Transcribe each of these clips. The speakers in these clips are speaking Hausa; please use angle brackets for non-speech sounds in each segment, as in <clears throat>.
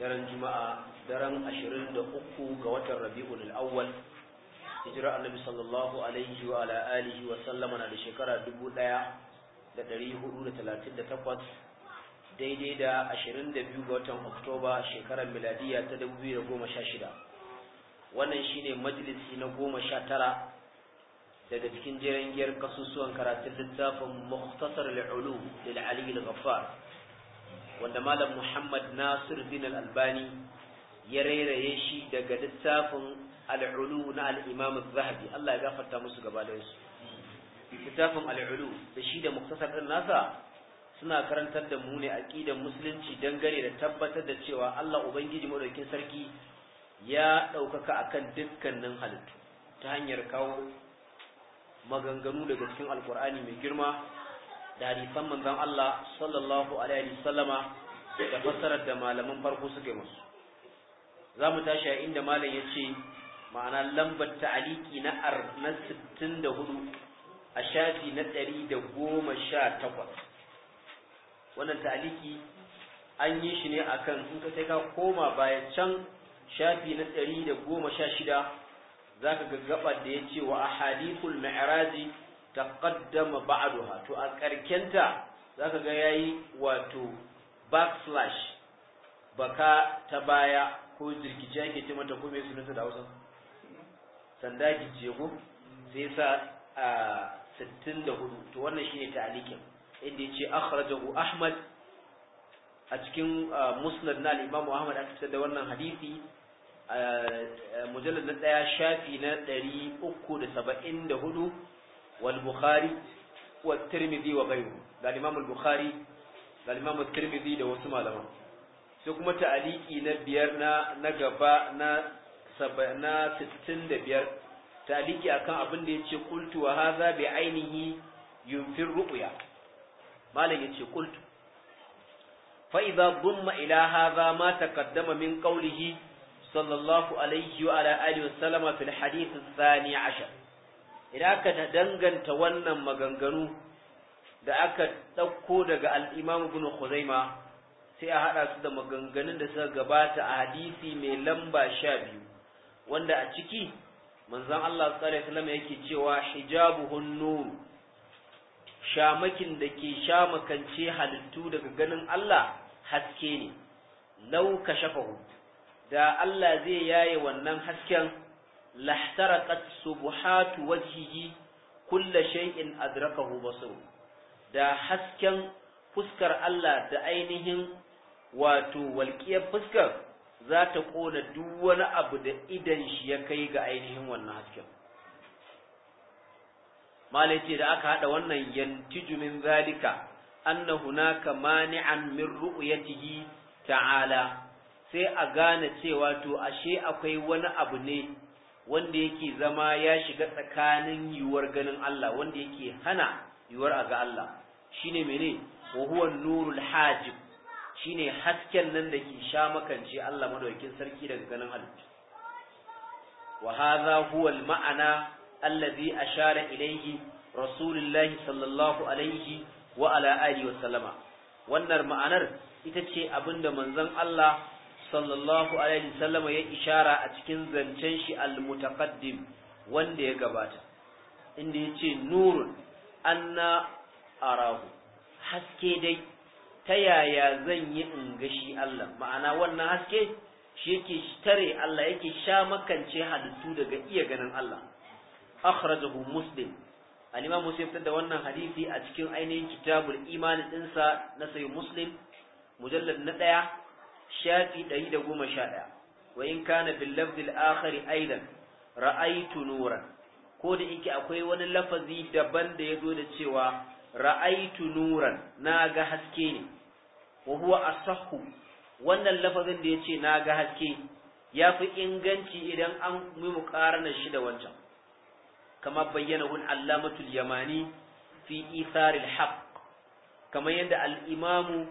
daren juma'a daren 23 ga watan rabi'ul awwal hijira annabi sallallahu alaihi wa ala alihi wa sallama na da shekara 1438 daidai da 22 ga watan oktoba shekarar miladiya ta 2016 wannan shine majalisi na 19 daga cikin jiran giyar kasusuwan karatun littafin muhtasar al'ulu lil ali al-ghaffar wanda malam Muhammad Nasir bin al-Albani ya rairaye shi daga littafin al-Ulu na al-Imam az-Zahabi Allah ya gafarta musu gaba da su littafin al-Ulu da shi da muktasar din nasa suna karantar da mu ne aqidar musulunci dangane da tabbatar da cewa Allah ubangiji madaukakin sarki ya ɗaukaka akan dukkanin halittu ta hanyar kawo maganganu daga cikin alkur'ani mai girma da hadisan manzon Allah sallallahu alaihi sallama da fassarar da malaman farko suka yi musu za mu tashi a inda malam ya ce ma'ana lambar ta'aliki na ar na 64 a shafi na 118 wannan ta'aliki an yi shi ne akan in ka sai ka koma baya can shafi na 116 zaka ga gaba da yace wa ahadithul mi'raji taqaddama ba'daha to a karkenta zaka ga yayi wato backslash baka ta baya ko jirgice ke ce mata ko me nuna da Hausa sanda gije ko sai sa a 64 to wannan shine alikin, inda yace akhrajahu Ahmad a cikin musnad na al-Imam Ahmad aka fitar da wannan hadisi mujallad na daya shafi na 374 wal bukhari wa tirmidhi wa ghayru da imam al bukhari da imam da wasu malaman sai kuma ta'aliki na biyar na na gaba na na 65 ta'aliki akan abin da yace qultu wa hadha bi ainihi yunfir ru'ya malam yace qultu fa idza dhumma ila hadha ma taqaddama min qawlihi sallallahu alaihi wa ala alihi wa sallama fil hadith ath-thani 'ashar idan aka danganta wannan maganganu da aka ɗauko daga al'imamu bin Khuzaima sai a haɗa su da maganganun da suka gabata a hadisi mai lamba sha biyu wanda a ciki manzan Allah sallallahu yake cewa hijabuhun shamakin da ke shamakance halittu daga ganin Allah haske ne lau kashafahu da Allah zai yaye wannan hasken lahtaraqat subuhatu wajhihi kulla shay'in adrakahu basaru da hasken fuskar Allah da ainihin wato walƙiyar fuskar za ta ƙona duk wani abu da idan shi ya kai ga ainihin wannan hasken malai da aka haɗa wannan yantiju min zalika anna hunaka mani'an min ru'yatihi ta'ala sai a gane cewa to ashe akwai wani abu ne wanda yake zama ya shiga tsakanin yiwuwar ganin Allah wanda yake hana yiwuwar a ga Allah shine mene wa huwa nurul hajib shine hasken nan da ke sha makance Allah madaukin sarki daga ganin halittu wa hadha huwa al ma'ana alladhi ashara ilayhi rasulullahi sallallahu alaihi wa ala alihi wa sallama wannan ma'anar ita ce abinda manzon Allah sallallahu alaihi wasallam ya ishara a cikin zancen shi al-mutaqaddim wanda ya gabata inda yace nurun anna arahu haske dai ta yaya zan yi in ga shi Allah ma'ana wannan haske shi yake tare Allah yake sha makance halittu daga iya ganin Allah akhrajahu muslim al-imam muslim da wannan hadisi a cikin ainihin kitabul imanin dinsa na sayi muslim mujallad na daya shafi ɗaya. wa in kana bil lafzil akhari aidan ra'aytu nuran ko da yake akwai wani lafazi daban da ya zo da cewa ra'aytu nuran ga haske ne wa huwa asahhu wannan lafazin da yace ga haske Ya fi inganci idan an yi na shi da wancan kama bayyana hul allamatul yamani fi itharil haqq kamar yadda al-imamu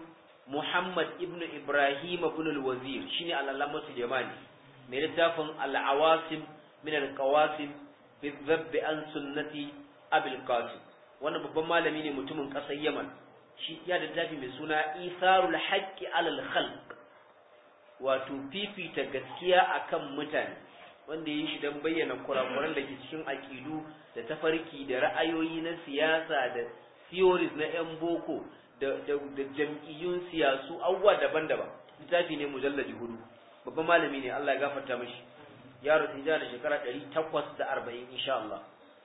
Muhammad ibn Ibrahim ibn al-Wazir shine al-Allamatu mai littafin al-Awasim min al-Qawasim bi dhabb an sunnati Abul Qasim wannan babban malami ne mutumin ƙasar Yaman shi ya da mai suna isarul Haqqi 'ala al-Khalq wato fifita gaskiya akan mutane wanda ya yi shi don bayyana kurakuran da ke cikin aƙidu da tafarki da ra'ayoyi na siyasa da theories na 'yan boko da jam'iyyun siyasu abubuwa daban-daban littafi ne mujallaji hudu babban malami ne Allah ya gafarta mashi ya rasu ya da shekara 840 insha Allah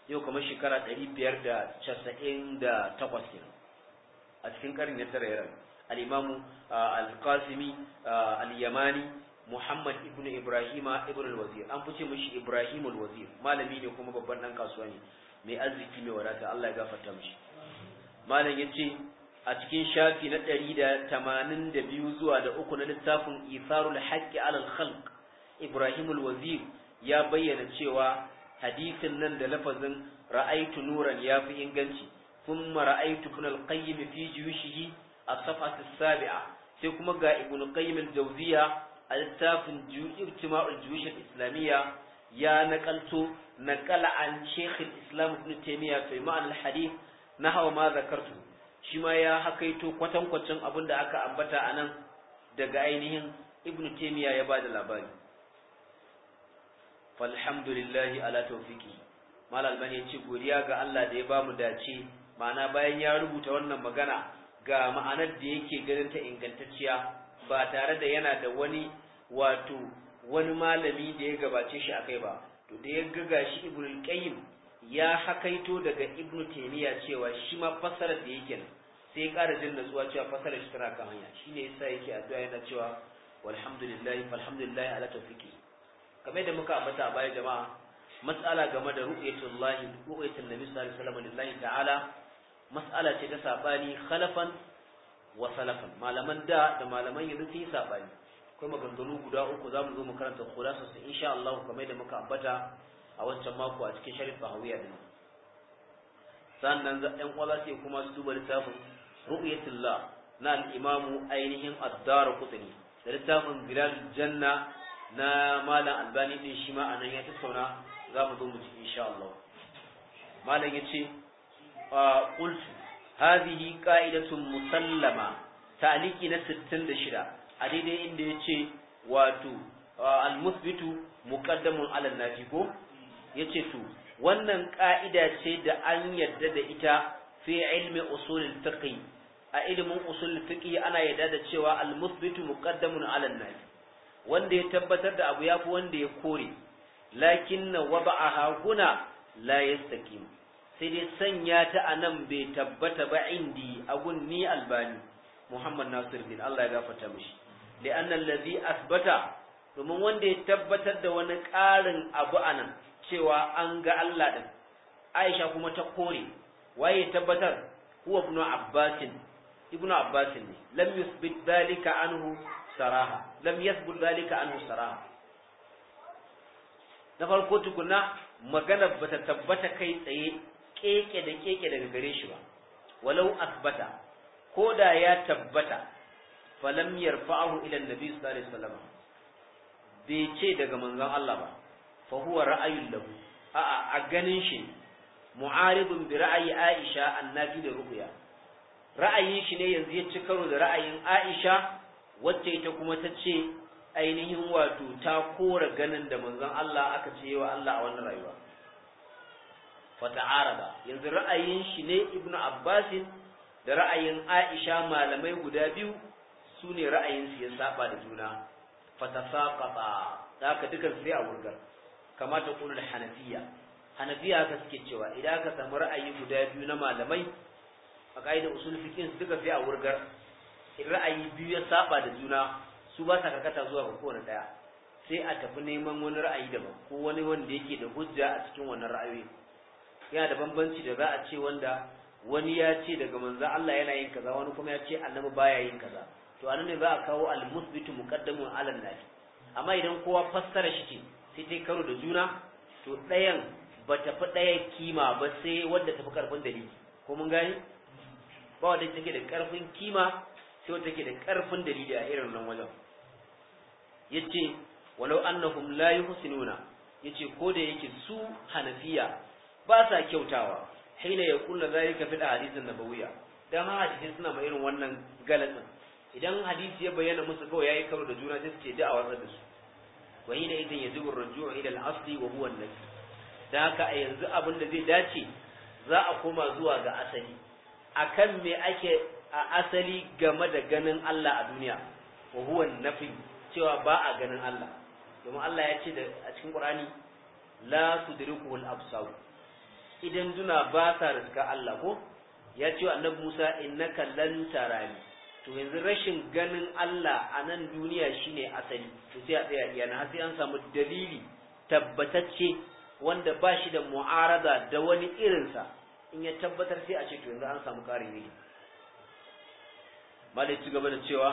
yau kamar shekara 598 kenan a cikin karin ya tara yaran al-imamu al-qasimi al-yamani Muhammad ibnu Ibrahima ibn al-Wazir an fice mashi Ibrahim al-Wazir malami ne kuma babban dan kasuwa ne mai arziki mai wadata Allah ya gafarta mishi malam yace a cikin shafi na ɗari da tamanin da biyu zuwa da uku na littafin isarul haƙƙi alal khalq ibrahim wazir ya bayyana cewa hadisin nan da lafazin ra'aitu nuran ya fi inganci thumma ra'aitu ibn al fi juyushihi as-safhat sabia sai kuma ga ibn qayyim al a littafin ijtima'ul juyush islamiyya ya naƙalto nakala an shaykh islam ibn taymiyyah fi ma'an al na nahwa ma zakartu shi ma ya hakaito kwatankwacin abin da aka ambata a nan daga ainihin ibn taimiyya ya ba da labari falhamdulillahi ala taufiki mal albani ya ce godiya ga allah da ya ba mu dace ma'ana bayan ya rubuta wannan magana ga ma'anar da yake ganin ta ingantacciya ba tare da yana da wani wato wani malami da ya gabace shi akai ba to da ya gaga shi ibn qayyim ya hakaito daga ibnu taymiya cewa shi ma fasarar da yake nan sai ya ƙara jin natsuwa cewa fasarar shi tana kan hanya shine yasa yake addu'a yana cewa walhamdulillahi falhamdulillahi ala tawfiqi kamar da muka ambata a baya jama'a mas'ala game da ru'yatullahi ru'yatul nabi sallallahu alaihi wasallam lillahi ta'ala mas'ala ce ta sabani khalafan wa salafan malaman da da malaman yanzu sun yi sabani akwai maganganu guda uku zamu zo mu karanta khulasa su insha Allah kamar da muka ambata a wancan mako a cikin sharif bahawiya din sannan ɗan uwa za kuma su duba littafin ru'yatullah na al-imamu ainihin ad-dar qutni da littafin bilal janna na malam albani din shi ma anan ya tattauna za mu zo mu ci, insha Allah malam yace qult hadhihi qa'idatun musallama ta'liki na 66 a daidai inda yace wato al-musbitu muqaddamun ala nafi ko Ya ce to wannan ƙa'ida ce da an yarda da ita fi ilmi usulul fiqh a ilimin usulul fiqh ana yarda da cewa al muthbitu muqaddamun ala nafi wanda ya tabbatar da abu yafi wanda ya kore lakinna waba'aha huna la yastaqim sai dai sanya ta anan bai tabbata ba indi agun ni albani muhammad nasir bin Allah ya gafarta mishi li'anna allazi asbata domin wanda ya tabbatar da wani ƙarin abu anan cewa an ga Allah din Aisha kuma ta kore waye tabbatar huwa ibnu Abbasin ibnu Abbasin ne lam yusbit dalika anhu saraha lam yathbut dalika anhu saraha na farko tukuna magana bata tabbata kai tsaye keke da keke daga gare shi ba walau asbata ko da ya tabbata falam yarfa'ahu ila annabi sallallahu alaihi wasallam bai ce daga manzon Allah ba fa huwa ra'ayun lahu a a ganin shi mu'aridun bi ra'ayi Aisha annabi da Ruhuya. ra'ayin shi ne yanzu ya ci karo da ra'ayin Aisha wacce ita kuma ta ce ainihin wato ta kora ganin da manzon Allah aka ce wa Allah a wannan rayuwa fa ta'arada yanzu ra'ayin shi ne ibnu Abbas da ra'ayin Aisha malamai guda biyu sune ra'ayin su ya saba da juna fa tasaqata haka dukan sai a wurgar kama ta kulul hanafiya hanafiya haka suke cewa idan ka samu ra'ayi guda biyu na malamai a ka'idar usul fiqh suka fi a wurgar in ra'ayi biyu ya saba da juna su ba sa karkata zuwa ga kowane daya sai a tafi neman wani ra'ayi daban ko wani wanda yake da hujja a cikin wannan ra'ayoyi yana da bambanci da za a ce wanda wani ya ce daga manzo Allah yana yin kaza wani kuma ya ce annabi baya yin kaza to anan ne za a kawo al-musbitu muqaddamun ala nafi amma idan kowa fassara shi ke sai ta karo da juna to ɗayan ba ta fi ɗaya kima ba sai wanda ta fi ƙarfin liki ko mun gani ba wanda take da ƙarfin kima sai wanda take da ƙarfin dalili a irin nan wajen yace walau annahum la yuhsinuna yace ko da yake su hanafiya ba sa kyautawa na ya kulla zalika fi hadisin nabawiyya dan hadisi suna ma irin wannan galatin idan hadisi ya bayyana musu kawai yayi karo da juna sai su ce da'awar da su wa hina idan yajibu ar-ruju' ila al-asli wa huwa an-nas da haka a yanzu abin da zai dace za a koma zuwa ga asali akan me ake a asali game da ganin Allah a duniya wa huwa nafi cewa ba a ganin Allah domin Allah ya ce a cikin Qur'ani la tudrikuhu al-absar idan duna ba sa riska Allah ko ya ce annabi Musa innaka lan tarani to yanzu rashin ganin Allah a nan duniya shine asali to sai a tsaya iya na sai an samu dalili tabbatacce wanda ba shi da mu'arada da wani irinsa in ya tabbatar sai a ce to yanzu an samu ƙarin yi malai ci gaba da cewa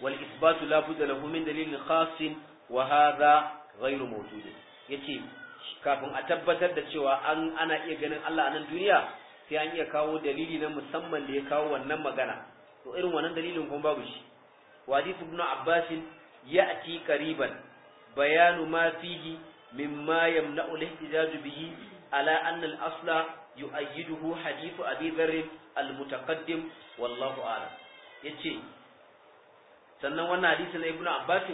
wal isbatu la budda lahu min dalilin khasin wa hadha ghairu mawjud yace kafin a tabbatar da cewa an ana iya ganin Allah a nan duniya sai an iya kawo dalili na musamman da ya kawo wannan magana to irin wannan dalilin kuma babu shi wa hadith ibn abbas ya'ti qariban bayanu ma fihi mimma yamna'u al-ihtijaj bihi ala anna al-asla yu'ayyiduhu hadith abi dharr al-mutaqaddim wallahu a'lam yace sannan wannan hadisi na ibn abbas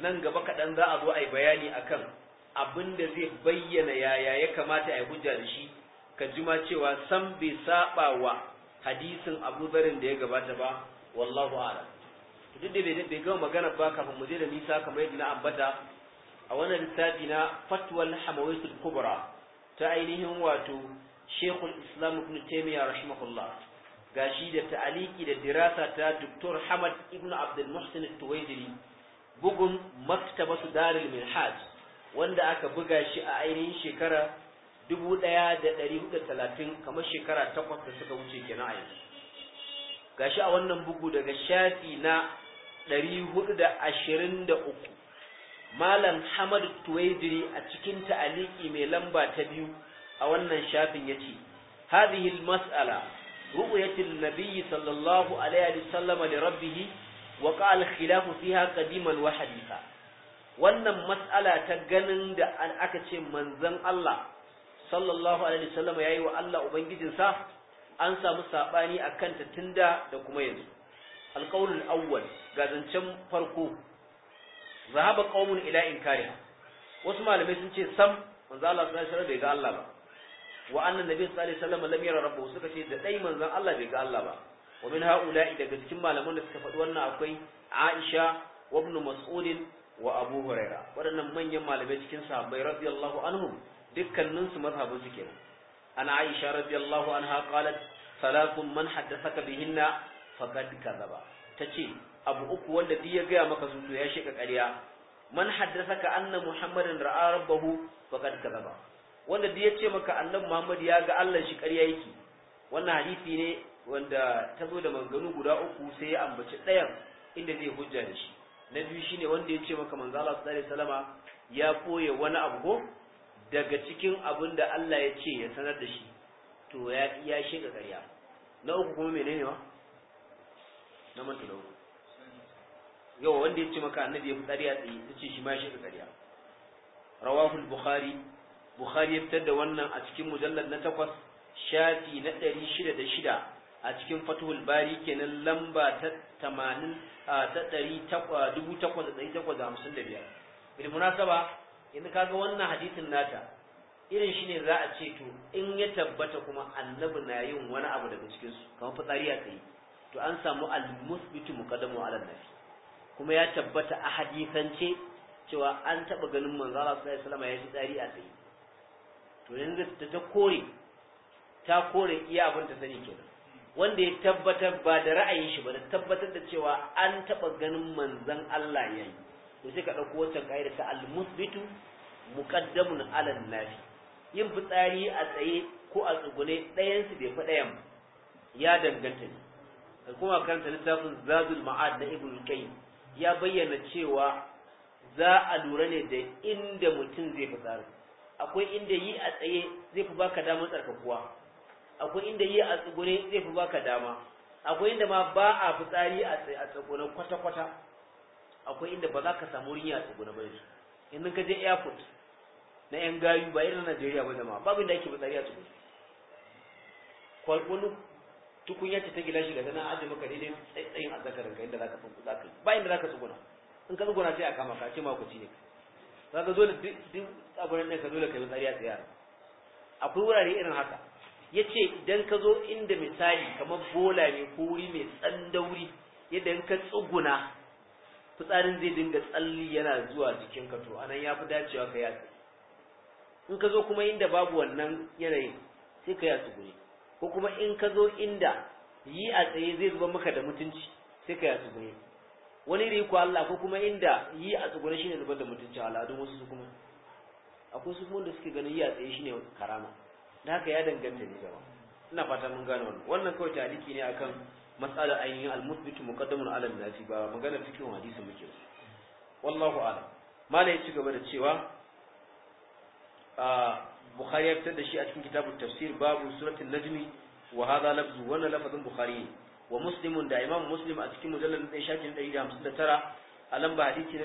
nan gaba kaɗan za a zo a yi bayani akan abin da zai bayyana yaya ya kamata a yi hujja da shi ka jima cewa san bai saba wa hadisin Abu da ya gabata ba wallahu a'lam duk da bai gama magana ba kafin mu je da nisa kamar yadda na ambata a wannan littafi na Fatwal Hamawisul Kubra ta ainihin wato Sheikhul Islam Ibn Taymiyyah rahimahullah gashi da ta'aliki da dirasa ta Dr. Hamad Ibn Abdul Muhsin Tuwaidiri bugun Maktabatu Darul Minhaj wanda aka buga shi a ainihin shekara dubu ɗaya da ɗari hudu talatin kamar shekara takwas da suka wuce kenan a yanzu gashi a wannan bugu daga shafi na ɗari hudu da ashirin da uku malam hamadu tuwaidiri a cikin ta'aliki mai lamba ta biyu a wannan shafin ya ce هذه المسألة رؤية النبي صلى الله عليه وسلم لربه وقع الخلاف فيها قديما وحديثا wannan mas'ala ta ganin da aka ce manzon Allah sallallahu alaihi wasallam yayi wa Allah ubangijinsa an samu sabani akan ta tunda da kuma yanzu alqaulul awwal ga zancen farko zahaba qaumun ila inkariha wasu malamai sun ce sam manzo Allah sallallahu alaihi wasallam bai ga Allah ba wa annan nabi sallallahu alaihi wasallam lam yara rabbahu suka ce da dai manzon Allah bai ga Allah ba wa min haula'i daga cikin malaman da suka faɗi wannan akwai Aisha wa ibn Mas'ud wa Abu Hurairah waɗannan manyan malamai cikin sahabbai radiyallahu anhum dukkanin su mazhabin su kenan ana aisha radiyallahu anha qalat salakun man haddathaka bihinna faqad kadhaba tace abu uku wanda duk ya gaya maka su to ya shiga ƙarya man haddathaka anna muhammadan ra'a rabbahu faqad kadhaba wanda duk ya ce maka annabi muhammad ya ga Allah shi ƙarya yake wannan hadisi ne wanda ta zo da manganu guda uku sai ya ambaci ɗayan inda zai hujja da shi na biyu shine wanda ya ce maka manzo Allah sallallahu alaihi wasallama ya koye wani abu ko daga cikin abin da Allah ya ce ya sanar da shi to ya ya shiga ƙarya na uku kuma menene wa na manta da uku yau wanda ya ce maka annabi ya fi a tsaye ta ce shi ma ya shiga ƙarya rawahul bukhari bukhari ya fitar da wannan a cikin mujallar na takwas shafi na ɗari shida da shida a cikin fatuhul bari kenan lamba ta tamanin a ta ɗari dubu takwas da ɗari takwas da hamsin da biyar bil munasaba yanzu kaga wannan hadisin nata irin shi ne za a ce to in ya tabbata kuma annabi na yin wani abu daga cikin su kamar fitsari a to an samu al-musbitu muqaddamu ala nafi kuma ya tabbata a hadisance cewa an taba ganin manzo Allah sallallahu alaihi wasallam ya yi tsari a tsaye to yanzu ta ta kore ta kore iya abin ta sani kenan wanda ya tabbatar ba da ra'ayin shi ba da tabbatar da cewa an taba ganin manzon Allah yayi to sai ka ɗauko wancan ƙa'ida ta al-musbitu muqaddamun ala nafi yin fitsari a tsaye ko a tsugune ɗayan su bai fi ɗayan ya danganta ne ka kuma karanta littafin zadul ma'ad na ibnu kayyim ya bayyana cewa za a lura ne da inda mutum zai fitsari akwai inda yi a tsaye zai fi baka damar tsarkakuwa akwai inda yi a tsugune zai fi baka dama akwai inda ma ba a fitsari a tsugune kwata-kwata akwai inda ba za ka samu wurin ya tsuguna ba yanzu yanzu ka je airport na yan gayu ba irin Najeriya ba zama babu inda ake fitsari a tsuguna wani tukunya ce ta gila shi ga tana aje maka daidai tsayin azzakarin ka inda za ka fanku za ka ba inda za ka tsuguna in ka tsuguna sai a kama ka ce ma ku ci ne za ka dole duk abin ɗin ka dole ka yi tsari a tsayar akwai wurare irin haka ya ce idan ka zo inda misali kamar bola ne ko wuri mai tsandauri yadda in ka tsuguna fitsarin zai dinga tsalli yana zuwa jikinka to anan ya fi dacewa ka yatsu in ka zo kuma inda babu wannan yanayin sai ka yatsu guri ko kuma in ka zo inda yi a tsaye zai zuba maka da mutunci sai ka yatsu guri wani da ko Allah ko kuma inda yi a tsugure shine zubar da mutunci al'adun wasu su kuma akwai su da suke ganin yi a tsaye shine karama da haka ya danganta ne jama'a. ina fata mun gane wannan wannan kawai taliki ne akan matsala ainihin al-musbitu muqaddamun ala nafi ba magana cikin hadisi muke su wallahu a'lam mala ya ci gaba da cewa a bukhari ya fitar da shi a cikin kitabun tafsir babu suratul najmi wa hadha lafzu wannan lafazin bukhari wa muslimun da imam a cikin mujallar na shafin 159 a lamba hadisi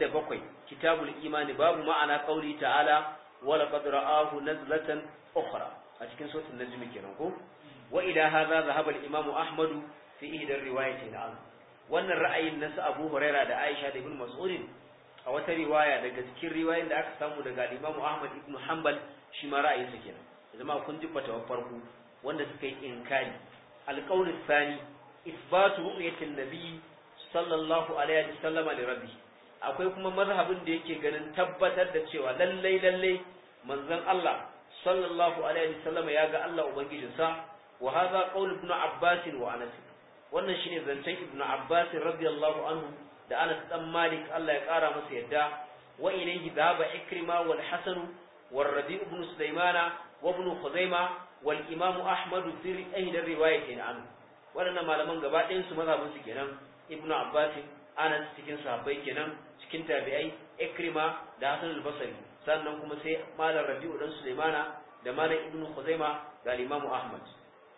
na bakwai kitabul imani babu ma'ana qauli ta'ala wa laqad ra'ahu nazlatan a cikin suratul najmi kenan ko wa ila hadha dhahaba al-imam ahmad fi ihda riwayatin an wannan ra'ayin nasu abu huraira da aisha da ibn mas'ud a wata riwaya daga cikin riwayoyin da aka samu daga al-imam ahmad ibn hanbal shi ma ra'ayin sa zama kun ji fatawar farko wanda suka yi inkari alqawl athani isbatu ru'yatin nabi sallallahu alaihi wasallam li rabbi akwai kuma mazhabin da yake ganin tabbatar da cewa lallai lallai manzon Allah sallallahu alaihi wasallam ya ga Allah ubangijinsa wa hadha qawl ibn abbas wannan shine zancen ibn abbas radiyallahu anhu da anas dan malik Allah ya kara masa yadda wa ilayhi dhaba ikrima wal hasan wal rabi' ibn sulaymana wa ibn khuzaima wal imam ahmad fi ahli riwayatin an wannan malaman gaba ɗayan su mazhabin su kenan ibn abbas anas cikin sahabbai kenan cikin tabi'ai ikrima da hasan al-basri sannan kuma sai malam rabi'u dan sulaymana da malam ibn khuzaima da imam ahmad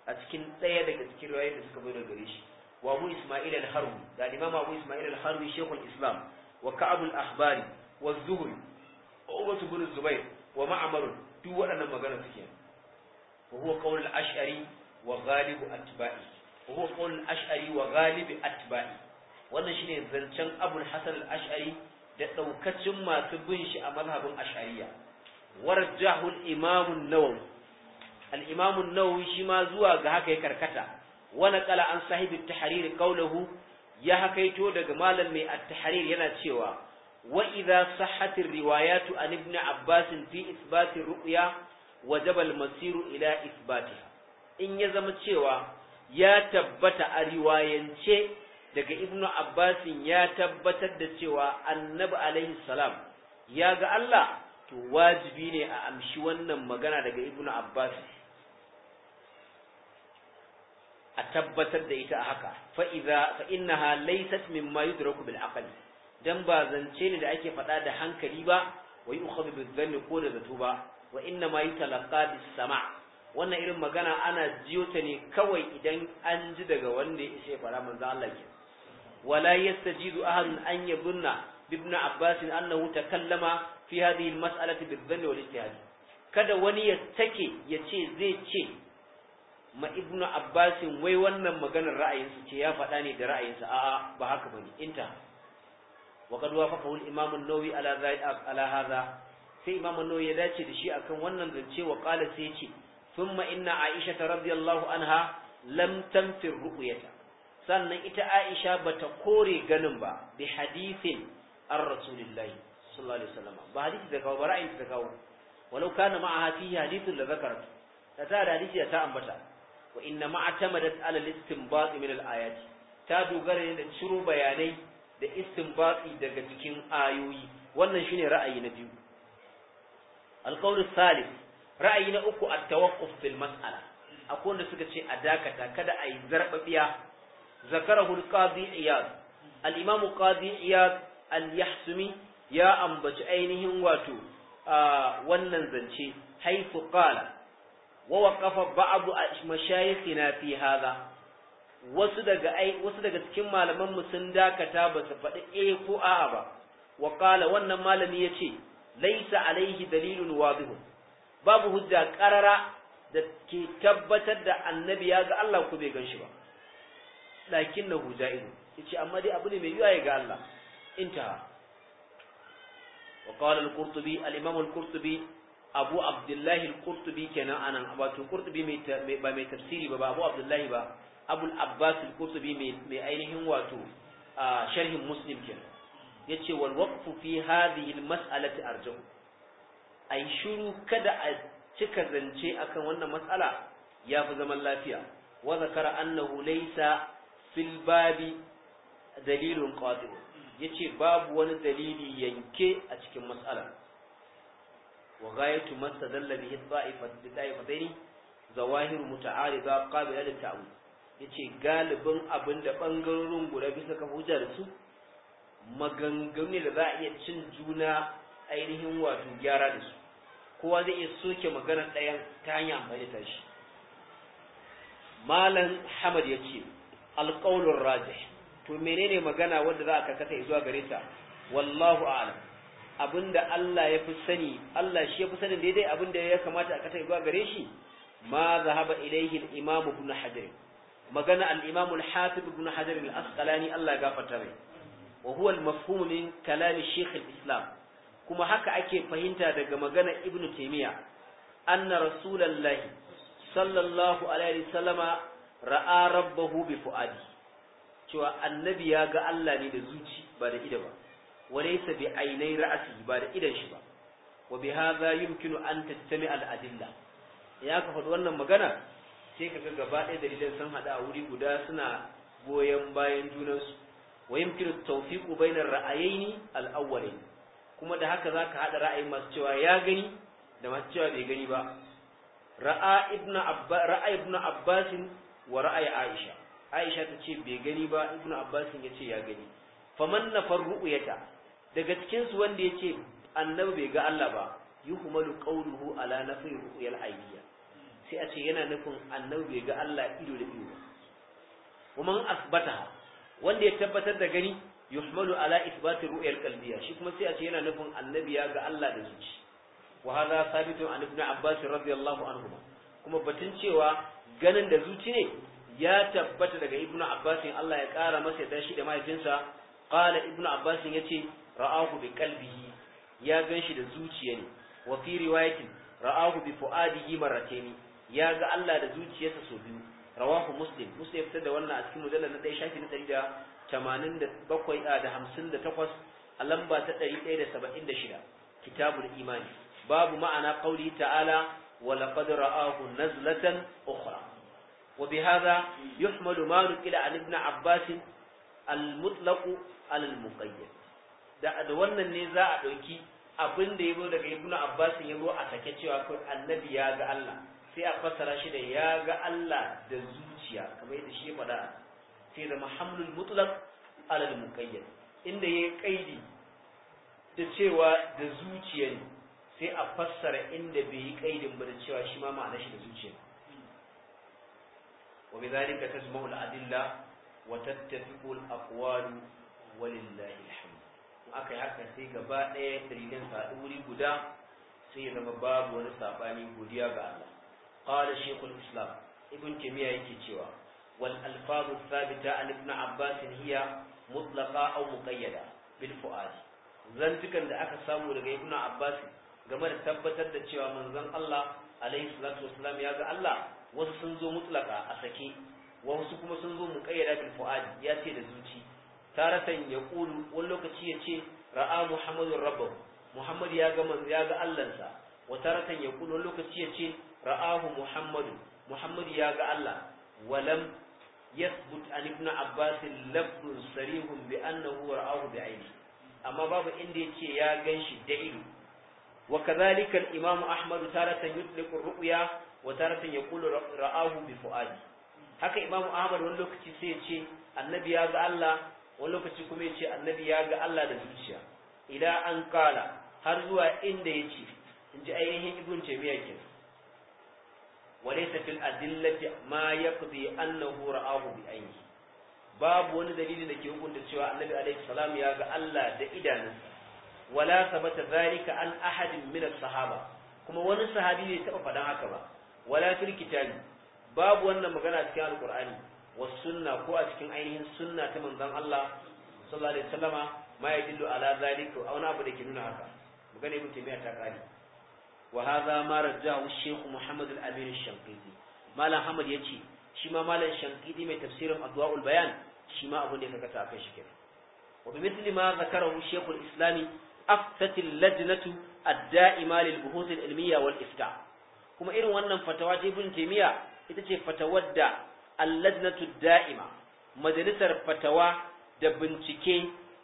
a cikin ɗaya daga cikin riwayoyin da suka zo gare shi wa abu isma'il al-harbi da imam abu isma'il al-harbi shaykhul islam wa ka'ab al-ahbari wa zuhri wa ibn zubair wa ma'mar duk waɗannan magana suke wa huwa qawl al-ash'ari wa ghalib atba'i wa huwa qawl al-ash'ari wa ghalib atba'i wannan shine zancen abul hasan al-ash'ari da daukacin masu bin shi a mazhabin ash'ariya warjahul imam an-nawawi al-imam shi ma zuwa ga haka ya karkata wa kala an sahib at-tahrir qawluhu ya hakaito daga malam mai at-tahrir yana cewa wa idha sahhat ar-riwayat an ibn abbas fi isbat ar-ru'ya wajaba al-masir ila isbatiha in ya zama cewa ya tabbata a riwayance daga ibnu abbas ya tabbatar da cewa annabi alaihi salam ya ga Allah to wajibi ne a amshi wannan magana daga ibnu abbas a tabbatar da ita a haka fa idza fa innaha laysat mimma yudraku bil aqli dan ba zance ne da ake faɗa da hankali ba wa yukhadu bil dhanni ko da zato ba wa inna ma yutalaqa bis sama' wannan irin magana ana jiyo ta ne kawai idan an ji daga wanda ya ishe fara manzo Allah ke wala yastajidu ahadun an yadhunna ibn abbas annahu takallama fi hadhihi al mas'alati bil dhanni wal ijtihad kada wani ya take ya ce zai ce ma ibnu abbasin wai wannan maganar ra'ayinsa ce ya faɗa ne da ra'ayinsa a'a ba haka bane inta wa qad wafaqa al imam an-nawawi ala ala hadha sai imam an-nawawi ya dace da shi akan wannan zance wa qala sai ya ce thumma inna aisha radhiyallahu anha lam tamtir ru'yata sannan ita aisha bata kore ganin ba bi hadithin ar rasulillahi sallallahu alaihi wasallam ba hadisi da kawo ba ra'ayin da kawo walau kana ma'aha fi hadithun la zakartu ta da hadisi ta ambata wa inna ma atamadat ala al-istinbat min al-ayat ta dogara ne da ciro bayanai da istinbati daga cikin ayoyi wannan shine ra'ayi na biyu al-qawl al ra'ayi na uku at-tawaqquf fil mas'ala akwai wanda suka ce a dakata kada a yi zarbabiya zakarahu al-qadi iyad al-imam qadi iyad al-yahsumi ya ambaci ainihin wato wannan zance haifu qala wa waqafa ba'du mashayikhina fi hadha wasu daga ai wasu daga cikin malaman mu sun dakata ba su faɗi eh ko a ba wa qala wannan malami yace laisa alaihi dalilun wadih babu hujja qarara da ke tabbatar da annabi ya ga Allah ku bai ganshi ba lakinnahu ja'il yace amma dai abu ne mai yuwa ya ga Allah al-qurtubi al-imam al qurtubi abu abdullahi al-qurtubi kenan anan wato qurtubi mai ba mai tafsiri ba abu abdullahi ba abul abbas al-qurtubi mai ainihin wato sharhin muslim kenan yace wal waqfu fi hadhihi al-mas'alati arjau ai shuru kada a cika zance akan wannan mas'ala ya fi zaman lafiya wa zakara annahu laysa fil babi dalilun qadir yace babu wani dalili yanke a cikin mas'alar wa ghayatu mastadalla bihi ta'ifat ta'ifataini zawahir muta'arida qabila da ta'wil yace galibin abin da bangarorin guda bisa ka hujja da su maganganu da za a iya cin juna ainihin wato gyara da su kowa zai iya soke magana ɗayan ta hanya amfani da tashi malam hamad ya ce alƙaunin rajih to menene magana wanda za a karkata zuwa gare ta wallahu a'lam abinda Allah ya fi sani Allah shi ya fi sani daidai abinda ya kamata a kasa zuwa gare shi ma zahaba ilaihi al-imam ibn hajar magana al-imam al-hafiz ibn hajar al-asqalani Allah ya gafarta mai wa huwa al-mafhum min kalam shaykh al-islam kuma haka ake fahimta daga magana ibn taymiya anna rasulullahi sallallahu alaihi wasallama ra'a rabbahu bi fuadi cewa annabi ya ga Allah ne da zuci ba da ido ba walaysa bi ainai ra'si ba da idan shi ba wa bi hadha yumkinu an tattami al ya ka faɗi wannan magana sai kaga gaba ɗaya da dalilan san hada a wuri guda suna goyon bayan junansu wa yumkinu tawfiqu bainar ra'ayaini al awwalain kuma da haka zaka haɗa ra'ayin masu cewa ya gani da masu cewa bai gani ba ra'a ibnu abba wa ra'ayi aisha aisha ta ce bai gani ba ibnu Abbasin ya ce ya gani faman nafarru yata daga cikin su wanda yake annabi bai ga Allah ba yuhmalu qawluhu ala nafi ru'yal ainiya sai a ce yana nufin annabi bai ga Allah ido da ido kuma asbata wanda ya tabbatar da gani yuhmalu ala ithbati ru'yal qalbiya shi kuma sai a ce yana nufin annabi ya ga Allah da zuci wa hadha thabitun an ibn abbas radiyallahu anhu kuma batun cewa ganin da zuci ne ya tabbata daga ibnu abbas Allah ya kara masa da shi da mahaifinsa qala ibnu abbas yace ra'ahu bi qalbihi ya ganshi da zuciya ne wa fi riwayatin ra'ahu bi fuadihi marratayn ya ga Allah da zuciyarsa sau biyu rawahu muslim muslim fitar da wannan a cikin mujallal na ɗaya shafi na ɗari da bakwai a lamba ta 176 kitabul imani babu ma'ana kauli ta'ala wa laqad ra'ahu nazlatan ukhra wa bihadha yuhmalu ma nukila an ibn abbas al-mutlaq al-muqayyad da da wannan ne za a ɗauki abin da ya zo daga ibnu abbas ya zo a sake cewa ko annabi ya ga Allah sai a fassara shi da ya ga Allah da zuciya kamar yadda shi faɗa sai da mahamlul mutlaq alal muqayyad inda yayi kaidi da cewa da zuciya ne sai a fassara inda bai yi kaidin ba da cewa shi ma ma'ana shi da zuciya wa bi zalika tajma'u al adilla wa tattafiqu al aqwal walillahi alhamd aka yi haka sai gaba ɗaya dalilan haɗu wuri guda sai ya zama babu wani saɓani godiya ga Allah Ƙawar Shekul islam ibn kimiyya yake cewa wal alfazu sabita an ibn abbas hiya mutlaqa aw muqayyada bil fu'ad zantukan da aka samu daga ibn abbas game da tabbatar da cewa manzon Allah alaihi salatu wassalam ya ga Allah wasu sun zo mutlaka a sake wasu kuma sun zo muqayyada bil fu'ad ya ce da zuci taratan ya kulu wani lokaci ya ce ra'a muhammadun rabbahu muhammad ya ga manzo ya ga allansa wa taratan ya kulu wani lokaci ya ce ra'ahu muhammadu muhammad ya ga allah wa lam yasbut an ibn abbas lafzun sarihun bi annahu ra'ahu bi aini amma babu inda ya ce ya ganshi da ido wa kadhalika al-imam ahmad taratan yutliqu ar-ru'ya wa taratan yaqulu ra'ahu bi fu'adi haka imam ahmad wani lokaci sai ya ce annabi ya ga allah wani lokaci kuma ya ce annabi ya ga Allah da zuciya idan an kala har zuwa inda ya ce in ji ainihin ibn taymiya Wale ta fil adillati ma yaqdi annahu ra'ahu bi yi. babu wani dalili da ke hukunta cewa annabi alaihi salam ya ga Allah da idanunsa wala sabata zalika an ahadin min sahaba kuma wani sahabi ne taba fadan haka ba wala fil kitabi babu wannan magana cikin alqur'ani was ko a cikin ainihin sunna ta manzon Allah sallallahu alaihi wasallama ma yadullu ala zalika aw na abu da ke nuna haka magana ibn taymiya ta kare wa hadha ma rajahu shaykh muhammad al-amin ash malam hamad yace shi ma malam shankiti mai tafsirin adwaul bayan shi ma abun da ya kakata akai shi kenan wa bi mithli ma zakarahu shaykh al-islam aftat al-lajnatu ad-da'ima lil buhuth al-ilmiyya wal ifta kuma irin wannan fatawa ta ibn taymiya ita ce fatawar da allajnatu da'ima majalisar fatawa da bincike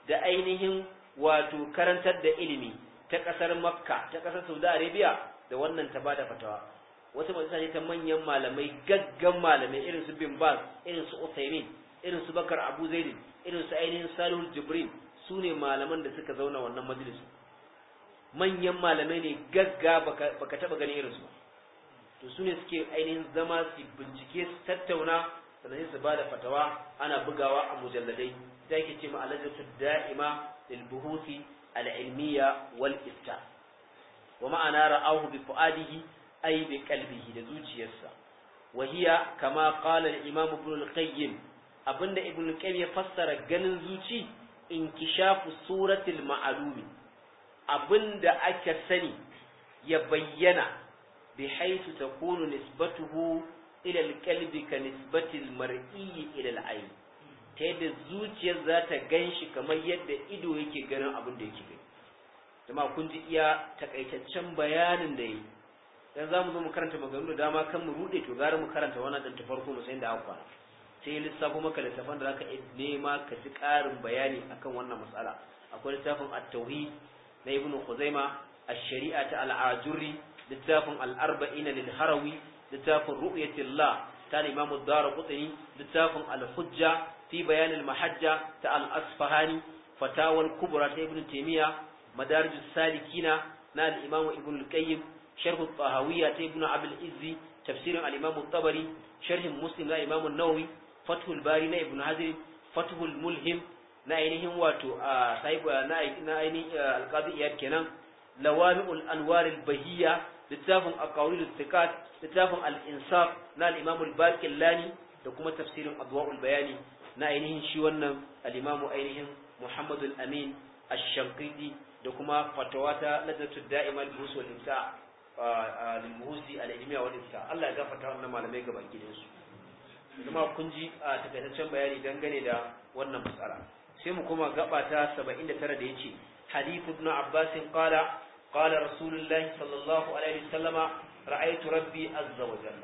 da ainihin wato karantar da ilimi ta ƙasar makka ta ƙasar saudi arabia da wannan ta bada fatawa wata majalisa ne ta manyan malamai gaggan malamai irin su bin bas irin su usaimin irin su bakar abu zaidin irin su ainihin salihul jibrin su ne malaman da suka zauna wannan majalisa manyan malamai ne gagga baka taɓa ganin irinsu ba to su ne suke ainihin zama su bincike su tattauna sannan su ba da fatawa ana bugawa a mujalladai da yake ce ma'alajatu da'ima lil buhuthi wal ifta wa ma'ana ra'ahu bi fu'adihi ay bi qalbihi da zuciyarsa wa hiya kama qala al imam ibn al qayyim abinda ibn al qayyim ya fassara ganin zuci inkishafu suratil ma'lumi abinda aka sani ya bayyana bihaitu takunu nisbatuhu ila kalbi ka nisbati almar'i ilal al'ayn ta yadda zuciyar za ta ganshi kamar yadda ido yake ganin abin da yake gani kuma kun ji iya takaitaccen bayanin da yi dan zamu zo mu karanta maganganu da dama kan mu rude to gari mu karanta wannan dan ta farko mu da aka sai lissafo maka littafan da zaka nema ka ji ƙarin bayani akan wannan matsala. akwai littafin at-tauhid na ibnu khuzaima a sharia ta al-ajurri littafin al-arba'ina harawi littafin ru'yatillah ta imam ad-darqutni littafin al-hujja fi mahajja ta al-asfahani fatawar kubra ta ibn taymiya madarij salikina na al ibn al-qayyim sharh tahawiyya ta ibn abul izzi tafsirin alimamu imam tabari sharhin muslim na imam nawawi fathul bari na ibn hazm fathul mulhim na ainihin wato a sahibu na ainihin alqadi iyad kenan lawami'ul anwaril bahiyya littafin aqawilul thiqat littafin al-insaf na al-imam al-baqillani da kuma tafsirin adwaul bayani na ainihin shi wannan al-imam ainihin Muhammad al-Amin ash-Shanqidi da kuma fatawa ta ladatud da'ima al-buhus wal imta al al-ilmiya wal imta Allah ya gafarta wannan malamai gaba gidansu kuma kun ji a takaitaccen bayani dangane da wannan matsala sai mu kuma gaba ta 79 da yace hadith na Abbas qala قال رسول الله صلى الله عليه وسلم رأيت ربي عز وجل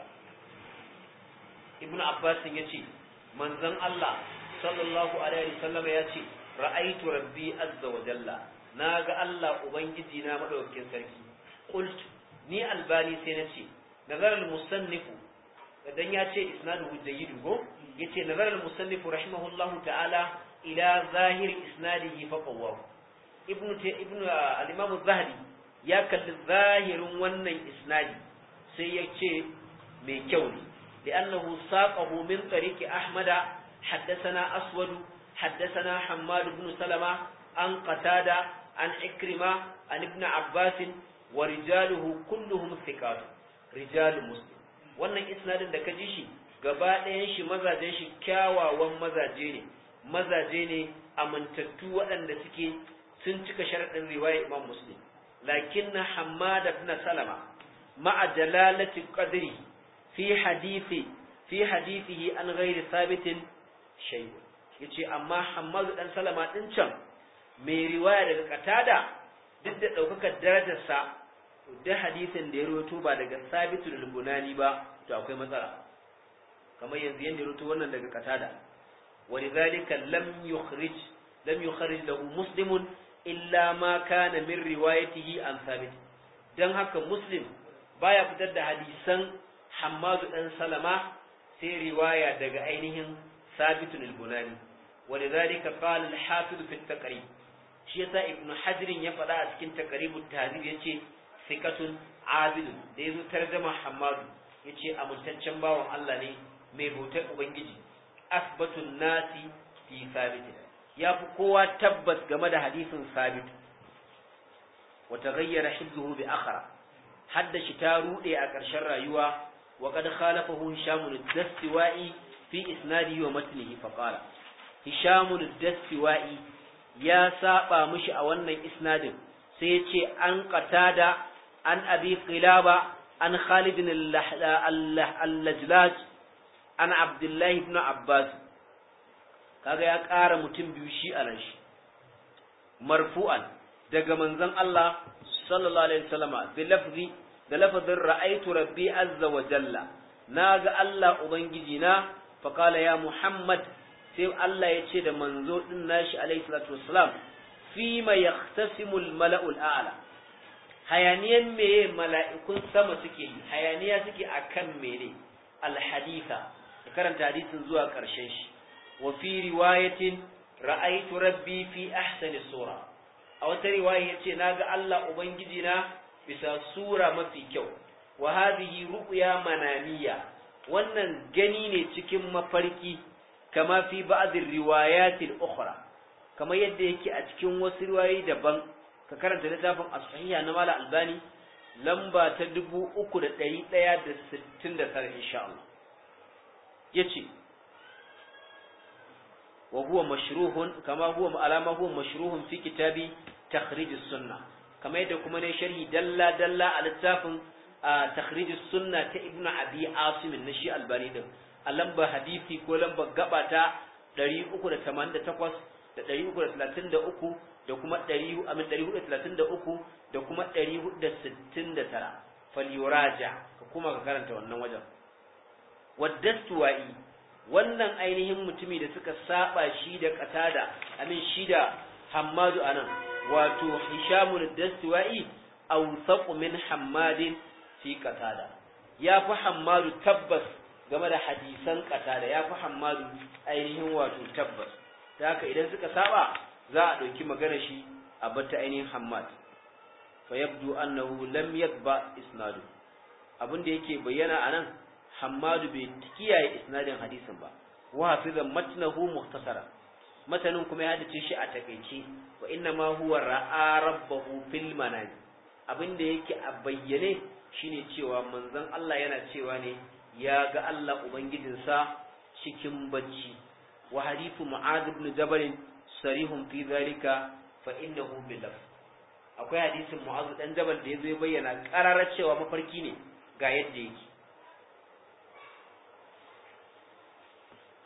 ابن عباس يجي من ذن الله صلى الله عليه وسلم يجي رأيت ربي عز وجل ناغ الله أبنجي نام أوكين سركي قلت ني الباني سينتي نظر المصنف dan ya ce isnaduhu jayyidun ko yace nazar al-musannif rahimahullahu ta'ala ila zahiri isnadihi fa qawwa ibnu ibnu al-imam az-zahabi ya kalli zahirin wannan isnadi sai ya ce mai kyau ne li'annahu saqahu min tariqi ahmada حدثنا أسود حدثنا حماد بن an عن a nufin Abbasin, wa rijaluhu عباس ورجاله كلهم ثقات رجال مسلم wannan isnadin da ka ji shi gaba ɗayan shi mazajen shi kyawawan mazaje ne mazaje ne amintattu waɗanda suke sun cika sharaɗin riwaya imam muslim lakinna hammad na salama ma'a dalalati qadri fi hadisi. fi hadithihi an ghairi thabitin shay yace amma hammad dan salama din can mai riwaya daga katada duk da daukakar darajarsa da hadisin da ya rawaito ba daga sabitul bunani ba to akwai matsala kamar yanzu yanda ya rawaito wannan daga katada Wani لم يخرج لم يخرج له illa ma kana min riwayatihi an sabit dan haka muslim baya fitar da hadisan hammadu dan salama sai riwaya daga ainihin sabit al-bunani ولذلك قال الحافظ في taqrib shi yasa ibnu hajrin ya faɗa a cikin al tahdhib yace sikatun abidun da yazo tarjama hammadu yace amintaccen bawan Allah ne mai bautar ubangiji asbatun nasi fi sabitin ya fi kowa tabbas game da hadisin sabit wa taghayyara hibzuhu bi akhara haddashi shi ta rude a ƙarshen rayuwa wa qad khalafahu hisham ad-dastiwai fi isnadi wa matnihi fa qala hisham ad-dastiwai ya saba mishi a wannan isnadin sai yace an qatada an abi qilaba an khalid bin al-lajlaj an abdullah ibn abbas kaga ya ƙara mutum biyu shi a ran shi marfu'an daga manzon Allah sallallahu alaihi wasallama bi lafzi da lafazin ra'aitu rabbi azza wa jalla naga Allah ubangiji na fa qala ya muhammad sai Allah ya ce da manzo din nashi alaihi salatu fi fima yahtasimu al-mala'u al-a'la hayaniyan me mala'ikun sama suke hayaniya suke akan mene al-haditha karanta hadisin zuwa karshen shi wa fi riwayatin ra'aitu rabbi fi ahsani sura a wata riwaya yace naga Allah ubangiji na bisa sura mafi kyau wa hadhihi ru'ya wannan gani ne cikin mafarki kama fi ba'd riwayatil ukhra kamar yadda yake a cikin wasu riwayoyi daban ka karanta littafin as na Malam Albani lamba ta dubu da 3169 insha Allah yace wa huwa mashruhun kama huwa alama huwa mashruhun fi kitabi takhrij sunna kama yadda kuma ne sharhi dalla dalla a littafin takhrij sunna ta ibnu abi asim na shi albani din a lamba hadisi ko lamba gabata 388 da 333 da kuma 469 falyuraja kuma ka karanta wannan wajen waddastuwa'i wannan ainihin mutumi da suka saba shi da katada amin shi da hammadu anan wato hishamul dastiwai awsaq min hammadin fi ya yafi hammadu tabbas game da hadisan ya yafi hammadu ainihin wato tabbas da haka idan suka saba za a ɗauki magana shi a bata ainihin hammad fa yabdu annahu lam yadba isnadu abin da yake bayyana anan hammadu bai kiyaye isnadin hadisin ba wa hafizan matnahu muhtasara matanin kuma ya dace shi a takeice wa inna ma huwa ra'a rabbahu fil manami abinda yake a bayyane shine cewa manzon Allah yana cewa ne ya ga Allah ubangijinsa cikin bacci wa hadithu mu'ad ibn jabal sarihun fi zalika fa innahu bil akwai hadisin mu'az dan jabal da yazo ya bayyana qarara cewa mafarki ne ga yadda yake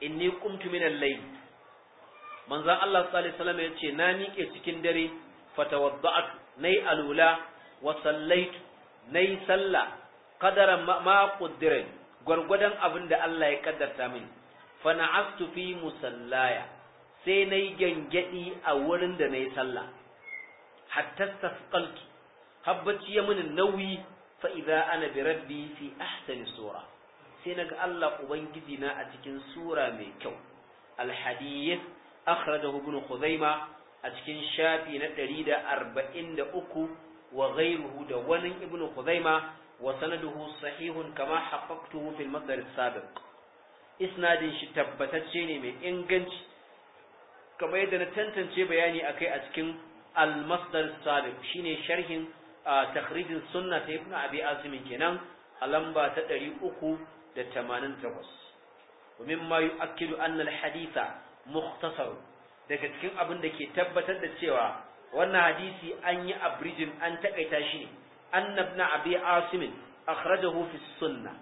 inni qumtu min al-layl manzon Allah sallallahu alaihi wasallam yace na miƙe cikin dare fatawadda'at nay alula wa sallaitu nay salla qadara ma qaddara gurgudan abin da Allah ya kaddarta min. fa na'astu fi musallaya sai nayi gangadi a wurin da nayi sallah hatta tasqaltu habbaci ya mini nauyi fa idza ana bi rabbi fi ahsani surah sai ga Allah ubangiji na a cikin sura mai kyau al-hadith akhrajahu ibn khuzaima a cikin shafi na ɗari da da arba'in uku wa ghayruhu da wani ibn khuzaima wa sanaduhu sahihun kama haqqaqtuhu fil masdar isnadin shi tabbatacce ne mai inganci kamar yadda na tantance bayani akai a cikin al-masdar shine sharhin ah, takhrijin sunna ta ibn abi asim kenan a lamba ta uku. da tamanin takwas domin ma yi akidu annal haditha mukhtasar daga cikin abin da ke tabbatar da cewa wannan hadisi an yi abrijin an takaita shi ne Annabna na abi asimin akhrajahu fi sunna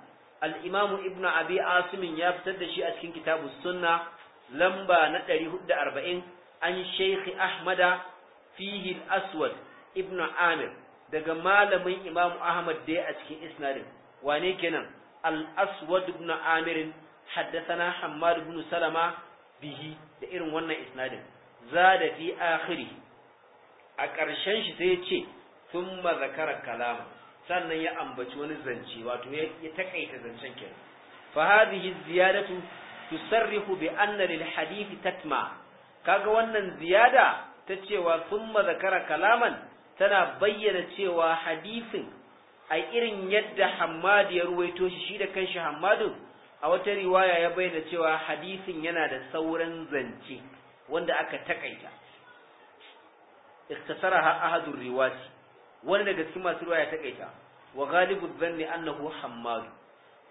al-imamu ibnu abi asimin ya fitar da shi a cikin kitabu sunna lamba na 440 an shaykh ahmada fihi al-aswad ibnu amir daga malamin imamu ahmad dai a cikin isnadin wane kenan al-aswad ibn amir haddathana hammad ibn salama bihi da irin wannan isnadin zada fi akhiri a ƙarshen shi sai ya ce thumma zakara kalama sannan ya ambaci wani zance wato ya taƙaita zancen kenan fa hadhihi ziyadatu tusarrihu bi anna lil hadith tatma kaga wannan ziyada ta cewa thumma zakara kalaman tana bayyana cewa hadisin a irin yadda Hammad ya ruwaito shi shi da kanshi Hammadu a wata riwaya ya bayyana cewa hadisin yana da sauran zance wanda aka takaita iktasaraha ahadur riwati wani daga cikin masu riwaya takaita wa ghalibu dhanni annahu Hammad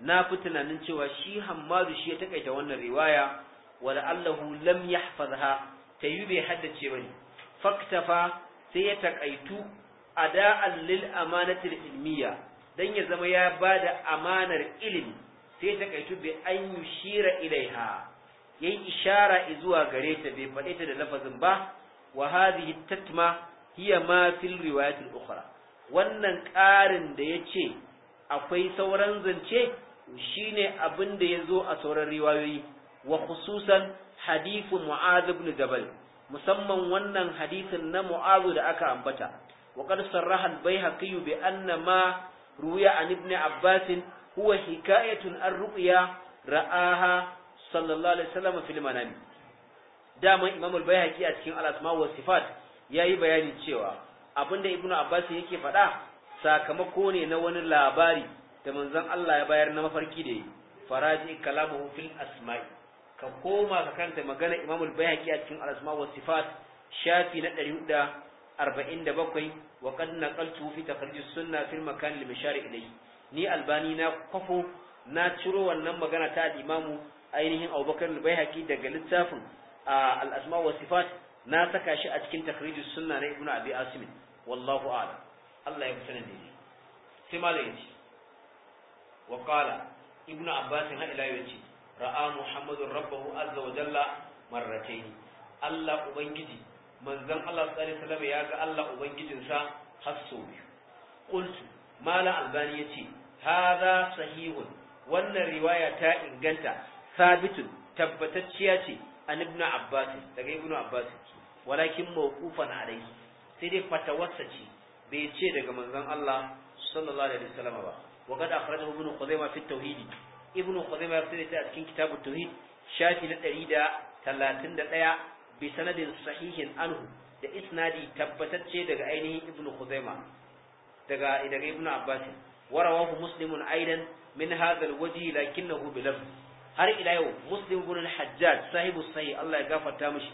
na fi tunanin cewa shi Hammadu shi ya takaita wannan riwaya wala allahu lam yahfazha hadda haddace bane faktafa sai ya takaitu ada'an lil amanatil ilmiya dan ya zama ya bada amanar ilimi sai ta kaitu bi an yushira ilaiha yayi ishara zuwa gare ta bai fade ta da lafazin ba wa hadhihi tatma hiya ma fil riwayatil ukhra wannan ƙarin da yace akwai sauran zance shine abin da yazo a sauran riwayoyi wa khususan hadith mu'adh ibn jabal musamman wannan hadisin na mu'adh da aka ambata وقد صرح البيهقي بأن ما روي عن ابن عباس هو حكاية الرؤيا رآها صلى الله عليه وسلم في المنام دام إمام البيهقي أتكلم على أسماء والصفات yayi bayanin cewa abinda ibnu abbas yake faɗa sakamako ne na wani labari da manzon Allah ya bayar na mafarki da yi faraji kalamuhu fil asma'i ka koma ka kanta magana imamul bayhaqi a cikin al-asma' was sifat shafi na Arba'in wa qad naqaltu fi takhrij sunna fi al-makan al-mishar ilayhi ni albani na kwafo na ciro wannan magana ta imamu ainihin Abubakar al daga littafin al-asma wa sifat na saka shi a cikin takhrijus sunna na Ibn Abi Asim wallahu a'lam Allah ya kusa da sai malai yace wa qala Ibn Abbas na ila yace ra'a Muhammadur rabbahu azza wa jalla marratayn Allah ubangiji manzon Allah sallallahu alaihi ya ga Allah ubangijinsa har sau biyu qultu malam albani yace hadha sahihun wannan riwaya ta inganta sabitun tabbatacciya ce an ibnu abbas daga ibnu abbas walakin mawqufan alayhi sai dai fatawarsa ce bai ce daga manzon Allah sallallahu alaihi wasallam ba wa kada akhrajahu Ibn khuzaimah fi tauhidi. tauhid ibnu khuzaimah ya fita a cikin kitabut tauhid shafi na 131 bi sanadin sahihin anhu da isnadi tabbatacce daga ainihin ibn Khuzaima daga daga ibn Abbas warawahu muslimun aidan min hadha alwaji lakinnahu bi lafz har ila yau muslim ibn al-hajjaj sahibu sahih Allah ya gafarta mishi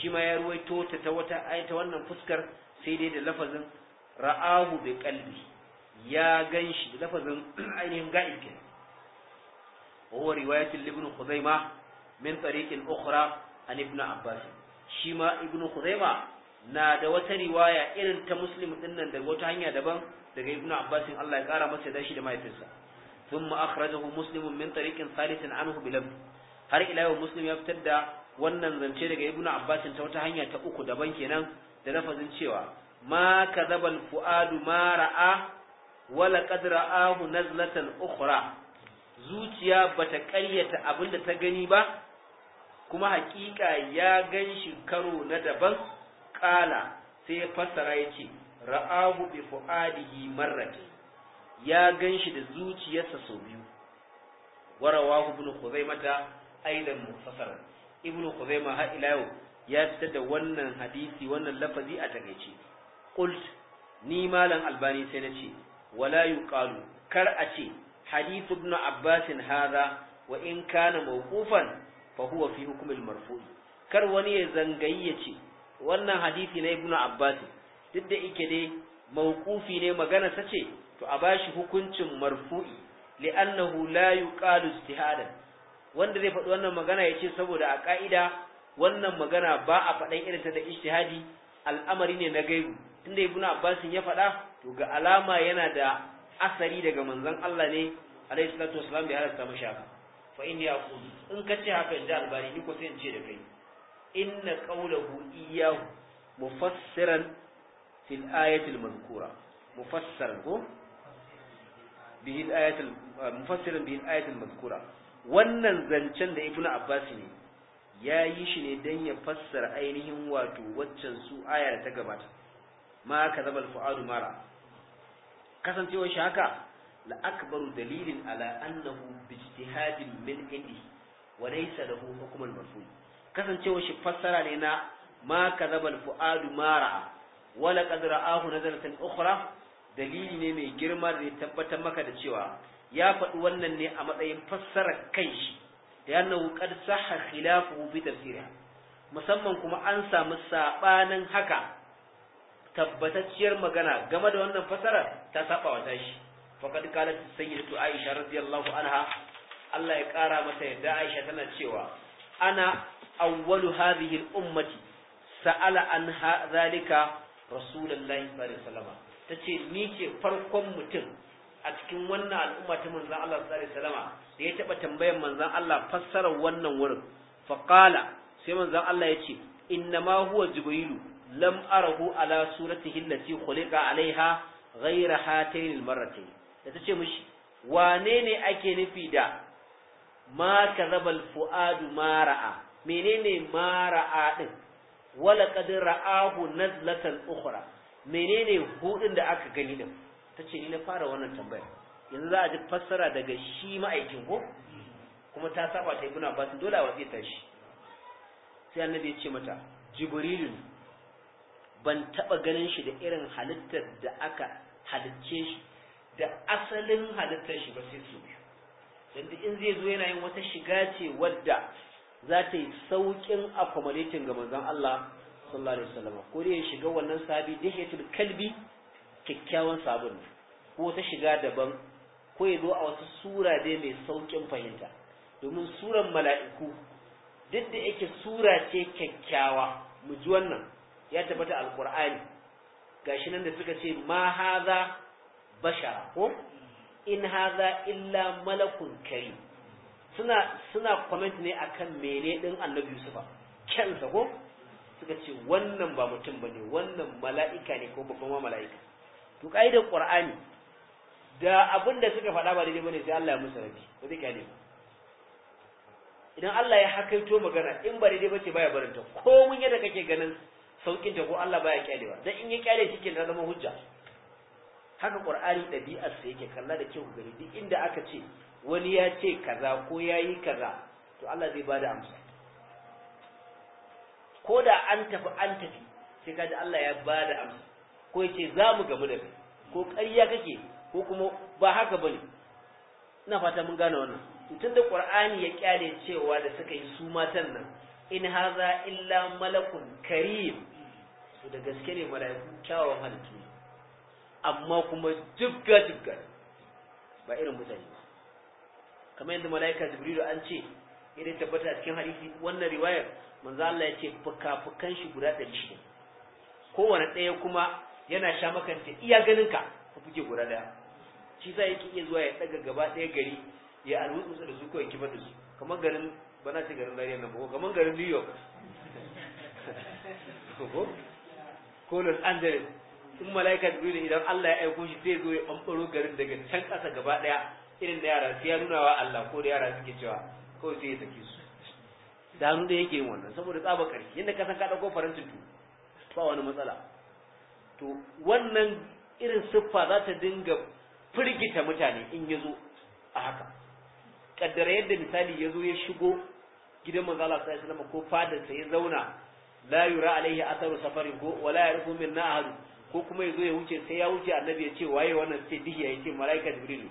shi ma ya ruwaito ta ta wata wannan fuskar sai dai da lafazin ra'ahu bi qalbi ya ganshi da lafazin <clears throat> ainihin ga'ib kenan huwa رواية ibn خزيمة min tariqin ukhra an ibnu abbas. shi ma ibnu khuzaima na da wata riwaya irin ta muslim din nan da wata hanya daban daga ibnu abbas Allah ya kara masa dashi shi da mahaifinsa thumma akhrajahu muslim min tariqin thalithin anhu bilab har ila yau muslim ya fitar da wannan zance daga ibnu abbas ta wata hanya ta uku daban kenan da lafazin cewa ma kadhaba al fuadu ma ra'a wala qad ra'ahu nazlatan ukhra zuciya bata abin abinda ta gani ba kuma hakika ya gan shi karo na daban ƙala sai ya fassara ya ce ra'ahu bi fu'adihi marrati ya gan shi da zuciyarsa sau biyu warawahu ibn ta aidan mufassara ibn khuzaimah ha ila yau ya fitar da wannan hadisi wannan lafazi a takaice qult ni malam albani sai nace ce wala yuqalu kar a ce hadith ibn abbasin hadha wa in kana mawqufan fa huwa fi hukm al marfu kar wani ya zangayi ya ce wannan hadisi na ibnu abbas duk da yake dai mawqufi ne magana sace to a bashi hukuncin marfu'i li'annahu la yuqalu istihadan wanda zai faɗi wannan magana ya ce saboda a ka'ida wannan magana ba a faɗan irin ta da istihadi al'amari ne na gaibu tunda ibnu abbas ya faɗa to ga alama yana da asari daga manzon Allah ne alaihi salatu wasalam bai ya halatta haka fa inni aqulu in ka ce haka inda albani ni ko sai in ce da kai inna qawluhu iyyahu mufassiran fil ayati al-mazkura mufassaran ko bihi al-ayati mufassiran bihi al-ayati al-mazkura wannan zancen da ibnu abbas ne ya yi shi ne dan ya fassara ainihin wato waccan su ayar ta gabata ma ka zabal fu'adu mara kasancewar shi haka la akbaru dalilin ala annahu bi ijtihadin min indihi wa laysa lahu marfu kasancewa shi fassara ne na ma kadhaba al fuadu ma wa laqad ra'ahu nazaratan ukhra dalili ne mai girma da tabbatar maka da cewa ya faɗi wannan ne a matsayin fassarar kanshi da annahu qad sahha khilafuhu fi tafsiriha musamman kuma an samu saɓanin haka tabbatacciyar magana game da wannan fasarar ta saba wa tashi faqad qalat sayyidatu aisha radiyallahu anha Allah ya kara mata yadda aisha tana cewa ana awwalu hadhihi al-ummati sa'ala an dhalika rasulullahi sallallahu alaihi wasallam tace ni ce farkon mutum a cikin wannan al'umma ta manzon Allah sallallahu alaihi wasallam da ya taba tambayar manzon Allah fassarar wannan wurin faqala sai manzon Allah ya ce ma huwa jibrilu lam arahu ala suratihi allati khuliqa alaiha ghayra hatayn al-marratayn da ta ce mishi wane ne ake nufi da ma kazabal fu'adu mara'a menene mara'a din wala qad ra'ahu nazlatan ukhra menene hudin da aka gani din tace ni na fara wannan tambayar yanzu za a ji fassara daga shi ma'aikin ko kuma ta saba ta ibnu abbas dole a watsi ta shi sai annabi ya ce mata jibrilu ban taba ganin shi da irin halittar da aka halicce shi da asalin halittar shi ba sai su biyu in zai zo yana yin wata shiga ce wadda za ta yi sauƙin accommodating ga manzon Allah sallallahu alaihi wasallam ko dai ya shiga wannan sahabi dihiyatul kalbi kyakkyawan sabon ko ta shiga daban ko ya zo a wasu sura dai mai sauƙin fahimta domin suran mala'iku duk da yake sura ce kyakkyawa mu ji wannan ya tabbata alqur'ani gashi nan da suka ce ma hadha bashara ko in haza illa malakun kari suna suna comment ne akan mene din annabi yusufa kyansa ko suka ce wannan ba mutum bane wannan mala'ika ne ko babban mala'ika to kaidar qur'ani da abin da suka faɗa ba daidai bane sai Allah ya musu rabi ko dai ne idan Allah ya hakaito magana in ba daidai bace baya barinta ko mun yadda kake ganin saukin ta ko Allah baya kyalewa dan in ya kyale shi ke zama hujja haka ƙur'ani ɗabi'ar sa yake kalla da kyau gari duk inda aka ce wani ya ce kaza ko yayi kaza to Allah zai bada amsa ko da an tafi an tafi sai kaji Allah ya bada amsa ko yace za mu gamu da kai ko ƙarya kake ko kuma ba haka bane ina fata mun gane wannan tun da ƙur'ani ya kyale cewa da suka yi su matan nan in haza illa malakun karim to da gaske ne malaiku kyawawan halittu amma kuma jibga jibgar ba irin mutane ba kamar yadda mala'ika jibrilu an ce idan tabbata a cikin hadisi wannan riwayar manzo Allah ya ce fuka-fukan shi guda ɗari shi kowane ɗaya kuma yana sha makanta iya ganin ka ka fuke guda ɗaya shi sa yake iya zuwa ya ɗaga gaba ɗaya gari ya alwutsu da su ko ya kifar da su kamar garin ba na ce garin Zaria nan ba kamar garin New York <laughs> ko Los Angeles in malaika jibril idan Allah ya aiko shi zai zo ya bambaro garin daga can ƙasa gaba daya irin da yara sai ya nuna wa Allah ko da yara suke cewa kawai sai ya saki su da hannu da yake yin wannan saboda tsaba ƙarfi yadda ka san ka dauko farantin tu ba wani matsala to wannan irin siffa za ta dinga firgita mutane in ya zo a haka kaddara yadda misali ya zo ya shigo gidan manzo Allah sallallahu alaihi wasallam ko fadarsa ya zauna la yura alaihi atharu safarin ko wala yarfu min ko kuma ya zo ya wuce sai ya wuce annabi ya ce waye wannan sai dihiya ya ce mala'ika jibrilu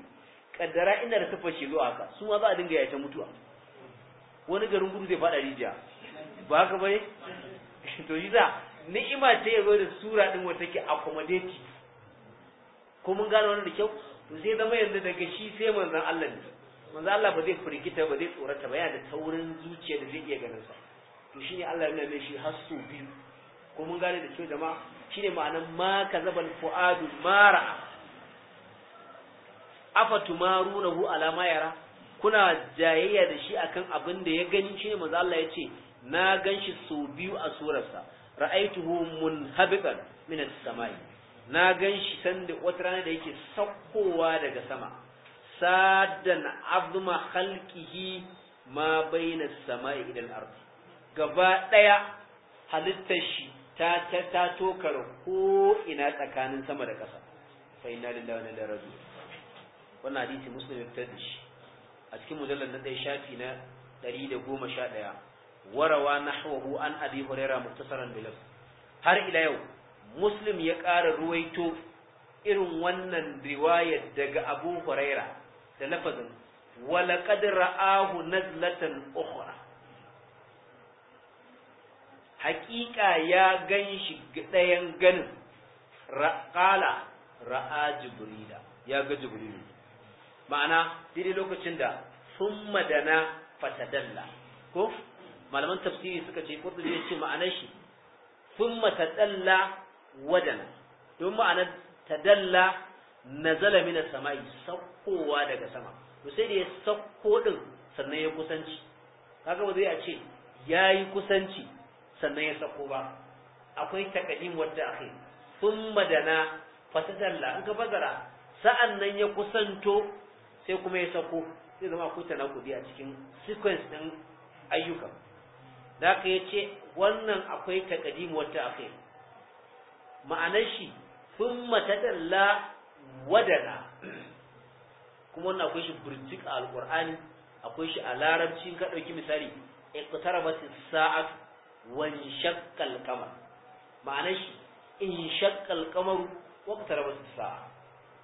kaddara ina da sifar shi zuwa haka su ma za a dinga yace mutuwa wani garin gudu zai fada rijiya ba haka bane <laughs> to yiza ni'ima ta yazo zo da sura din wata ke accommodate ko mun gane wannan da kyau to sai zama yanzu daga shi sai manzon Allah ne manzon Allah ba zai firgita ba zai tsorata ba yana da taurin zuciya da zai iya ganin sa to shine Allah ya nuna shi hasu biyu ko mun gane da kyau jama'a shine ma'anan ma kazabal fuadu mara afatumarunahu ala ma yara kuna jayayya da shi akan abin da ya gani shine manzo Allah ce. na ganshi sau biyu a surarsa ra'aituhu munhabitan min as-samai na ganshi sanda wata rana da yake sakkowa daga sama sadan azma khalqihi ma baina as-samai ila al-ard gaba daya halittar shi ta ta ta tokar ko ina tsakanin sama da ƙasa fa inna lillahi wa inna ilaihi raji'un wannan hadisi muslim ta da shi a cikin mujallal na ɗaya shafi na ɗari da goma sha ɗaya warawa nahwahu an abi huraira muktasaran bilaf har ila yau muslim ya ƙara ruwaito irin wannan riwayar daga abu huraira da lafazin walaƙad ra'ahu nazlatan ukhra haƙiƙa ya gan shi ɗayan ganin ƙala ra'a jibrila ya ga jibrilu ma'ana daidai lokacin da sun madana fatadalla ko malaman tafsiri suka ce kurtubi ya ce ma'anar shi sun matadalla wadana don ma'anar tadalla nazala mina sama'i saukowa daga sama to sai da ya sauko din sannan ya kusanci kaga ba zai a ce ya yi kusanci sannan ya sako ba akwai takadim wadda akhi thumma dana fatadalla in ka bazara sa'annan ya kusanto sai kuma ya sako sai zama akwai tanakudi a cikin sequence din ayyuka da ka yace wannan akwai takadim wadda akhi ma'anar shi thumma tadalla wadana kuma wannan akwai shi burtik alqur'ani akwai shi a larabci ka dauki misali iqtarabatis saat Wan shakkal kamar ma'anar shi in shakkal kamar wakta wasu sa'a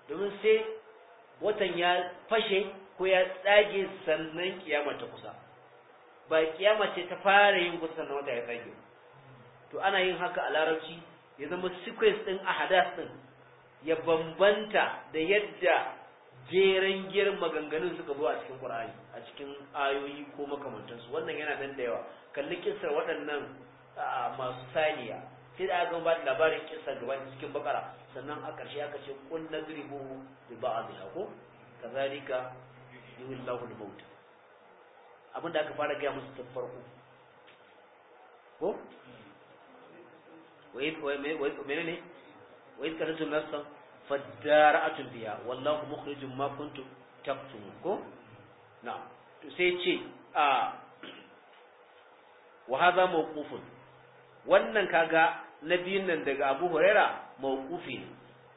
domin sai watan ya fashe ko ya tsage sannan kiyama ta kusa ba kiyama ce ta fara yin kusa sannan wata ya tsage to ana yin haka a larabci ya zama sequence din ahadas din ya bambanta da yadda jeren girma maganganun suka zo a cikin Qur'ani a cikin ayoyi ko makamantansu wannan yana nan da yawa kalli kisar waɗannan masu saniya sai da aka ba labarin kisar gaba cikin bakara sannan a ƙarshe aka ce kun na zuribu da ba a zina ko ka zalika yiwu lahul maut abin da aka fara gaya musu ta farko ko wai ne wai karatun nasa tun biya wallahu mukhrijin makuntu kuntum ko na to sai ce a wa hadha wannan kaga na biyun nan daga Abu Huraira mawqufi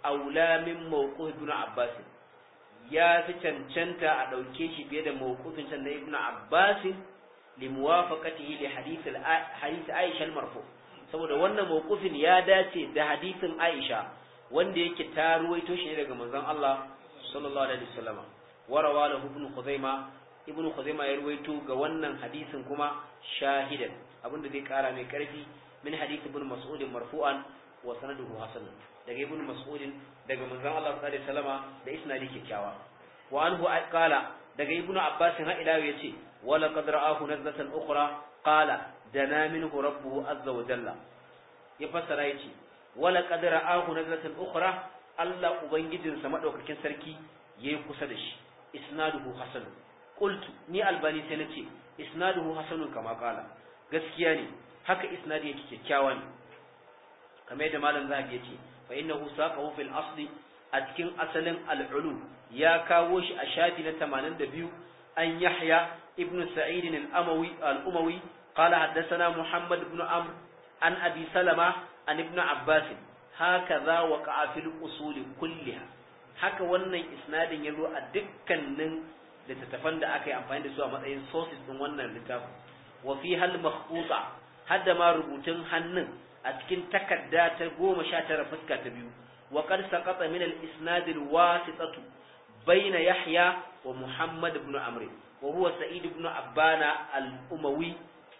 aula min mawquf ibn Abbas ya fi cancanta a dauke shi fiye da mawqufin san da ibn Abbas li muwafaqatihi li hadith hadith Aisha al-marfu saboda wannan mawqufin ya dace da hadithin Aisha wanda yake ta shi daga manzon Allah sallallahu alaihi wasallam wa rawahu ibn Khuzaimah ibn khuzaima ya ruwaito ga wannan hadisin kuma shahidan abinda zai kara mai karfi min hadith ibn mas'ud marfu'an wa sanaduhu hasan daga ibn mas'ud daga manzon Allah sallallahu alaihi wasallama da isnadi kyakkyawa wa anhu qala daga ibn abbas ha ila yace wa laqad ra'ahu nazlatan ukhra qala dana minhu rabbuhu azza wa jalla ya fassara yace wa laqad ra'ahu nazlatan ukhra Allah ubangijinsa madaukakin sarki yayi kusa da shi isnaduhu hasan qultu ni albani sai nace isnaduhu hasanun kama qala gaskiya ne haka isnadi yake kyakkyawa ne kamar yadda malam zahabi yace fa innahu saqahu fil asli a cikin asalin al ya kawo shi a shafi na 82 an yahya ibnu sa'id al-amawi al-umawi قال حدثنا محمد بن عمرو عن ابي سلمة عن ابن عباس هكذا وقع في الاصول كلها haka wannan isnadin ya zo a dukkanin littattafan da aka yi amfani da su a matsayin sources din wannan littafin wa fi hal makhbuta har da ma rubutun hannun a cikin takarda ta goma sha tara fuska ta biyu wa qad saqata min al isnad al wasitatu bayna yahya wa muhammad ibn amr wa huwa sa'id ibn abbana al umawi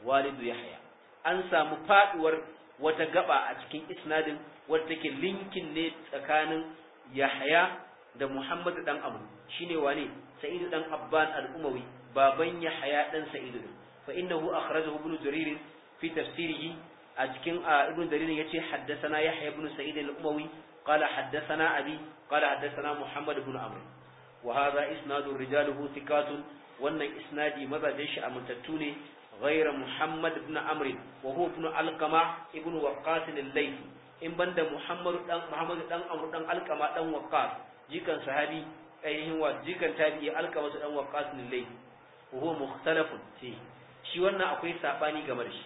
walidu yahya an samu faduwar wata gaba a cikin isnadin wadda take linkin ne tsakanin yahya da muhammad dan amr shine wane sa'idu dan abban al-umawi baban yahya dan sa'idu fa innahu akhrajahu ibn jarir fi tafsirihi a cikin ibn ya yace haddathana yahya ibn sa'id al-umawi qala haddathana abi qala haddathana muhammad ibn amr wa hadha isnadu rijaluhu thiqatun wannan isnadi mazajin shi amintattu ne غير محمد بن عمرو وهو ابن القمة ابن وقاص الليثي in banda Muhammadu dan Muhammadu dan Amr dan Alqama jikan sahabi ainihin wa jikan tabi'i alkama su dan waqas layl wa huwa mukhtalafun fi shi wannan akwai sabani game da shi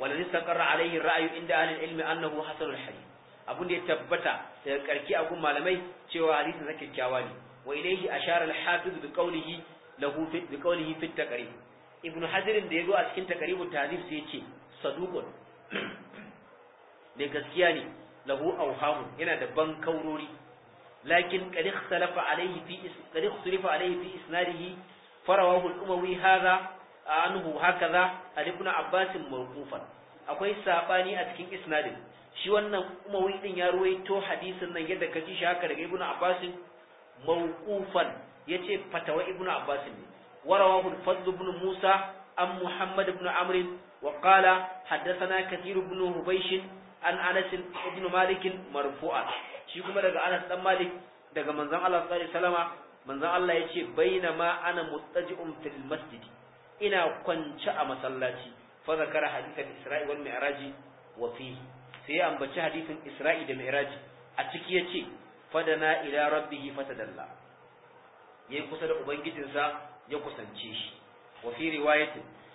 waladhi saqarra alayhi ra'yu inda ahli ilmi annahu hasanul hadith abun da ya tabbata daga karki a gun malamai cewa hadisin sa kyakkyawa ne wa ilayhi ashara al-hafiz bi qawlihi lahu bi qawlihi fi taqrib ibnu hazir da yazo a cikin taqribu tahdhib sai yace saduqun ne <coughs> gaskiya ne lahu awhamu yana da ban kaurori لكن قد اختلف عليه في قد اختلف عليه في إسناده فرواه الأموي هذا عنه هكذا عن ابن عباس موقوفا akwai sabani a cikin isnadin shi wannan umawi din ya ruwaito hadisin nan yadda ka ji shi haka daga ibnu abbas mawqufan yace fatawa ibnu abbas ne warawahu al-fadl ibn musa an muhammad ibn amr wa qala haddathana kathir ibn hubaysh an anas ibn malik marfu'an shi kuma daga Anas dan Malik daga manzon Allah sallallahu alaihi wasallama manzon Allah yace bainama ana muttaji'un fil masjid ina kwance a masallaci fa zakara hadithan Isra'i wal Mi'raji wa fihi sai ya ambaci hadithin Isra'i da Mi'raji a ciki yace fadana ila rabbihi fatadalla yayi kusa da ubangijinsa ya kusance shi wa fi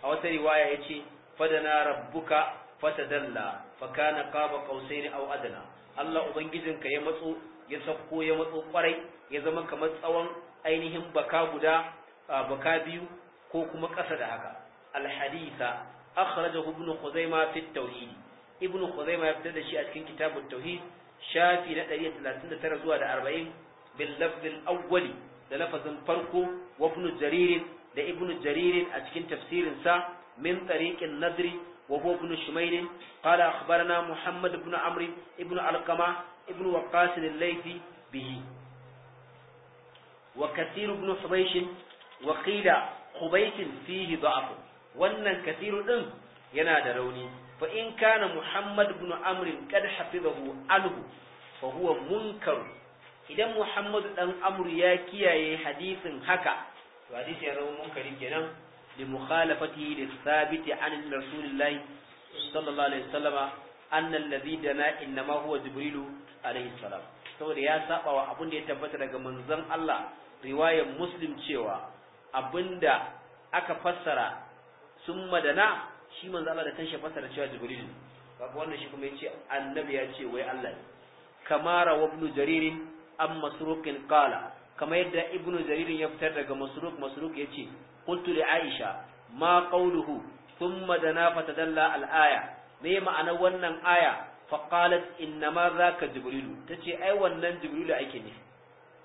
a wata riwaya yace fadana rabbuka fatadalla fa kana qaba qausaini aw adna Allah ubangijinka ya matso ya sauko ya matso kwarai ya zama kamar tsawon ainihin baka guda baka biyu ko kuma ƙasa da haka alhadisa akhrajahu ibn khuzaimah fi tauhidi ibn khuzaimah ya fitar da shi a cikin kitabut tauhid shafi na 139 zuwa da 40 bin lafz al awwali da lafazin farko wa ibn jarir da ibn jarir a cikin tafsirin sa min tariqin nadri وهو ابن شميل قال أخبرنا محمد بن عمرو ابن علقمة ابن وقاس الليثي به وكثير بن حبيش وقيل خبيش فيه ضعف wannan kasiru din yana da rauni fa in kana muhammad ibn amr kad hafizahu idan Muhammadu dan amru ya kiyaye hadisin haka to hadisi ya zama munkari kenan لمخالفته للثابت عن رسول الله صلى الله عليه وسلم أن الذي دنا إنما هو جبريل عليه السلام saboda ya saba wa abin da ya tabbata daga manzon Allah riwayar Muslim cewa abinda aka fassara sun madana shi manzon Allah da kanshi fassara cewa Jibril kaga wannan shi kuma yace annabi ya ce wai Allah ne kama rawa Ibn Jarir an Masruq qala kama yadda ibnu jaririn ya fitar daga Masruq Masruq yace qultu aisha ma sun thumma dana fatadalla al aya me ma'ana wannan aya fa qalat inna ma zaka jibrilu tace ai wannan jibrilu ake nufi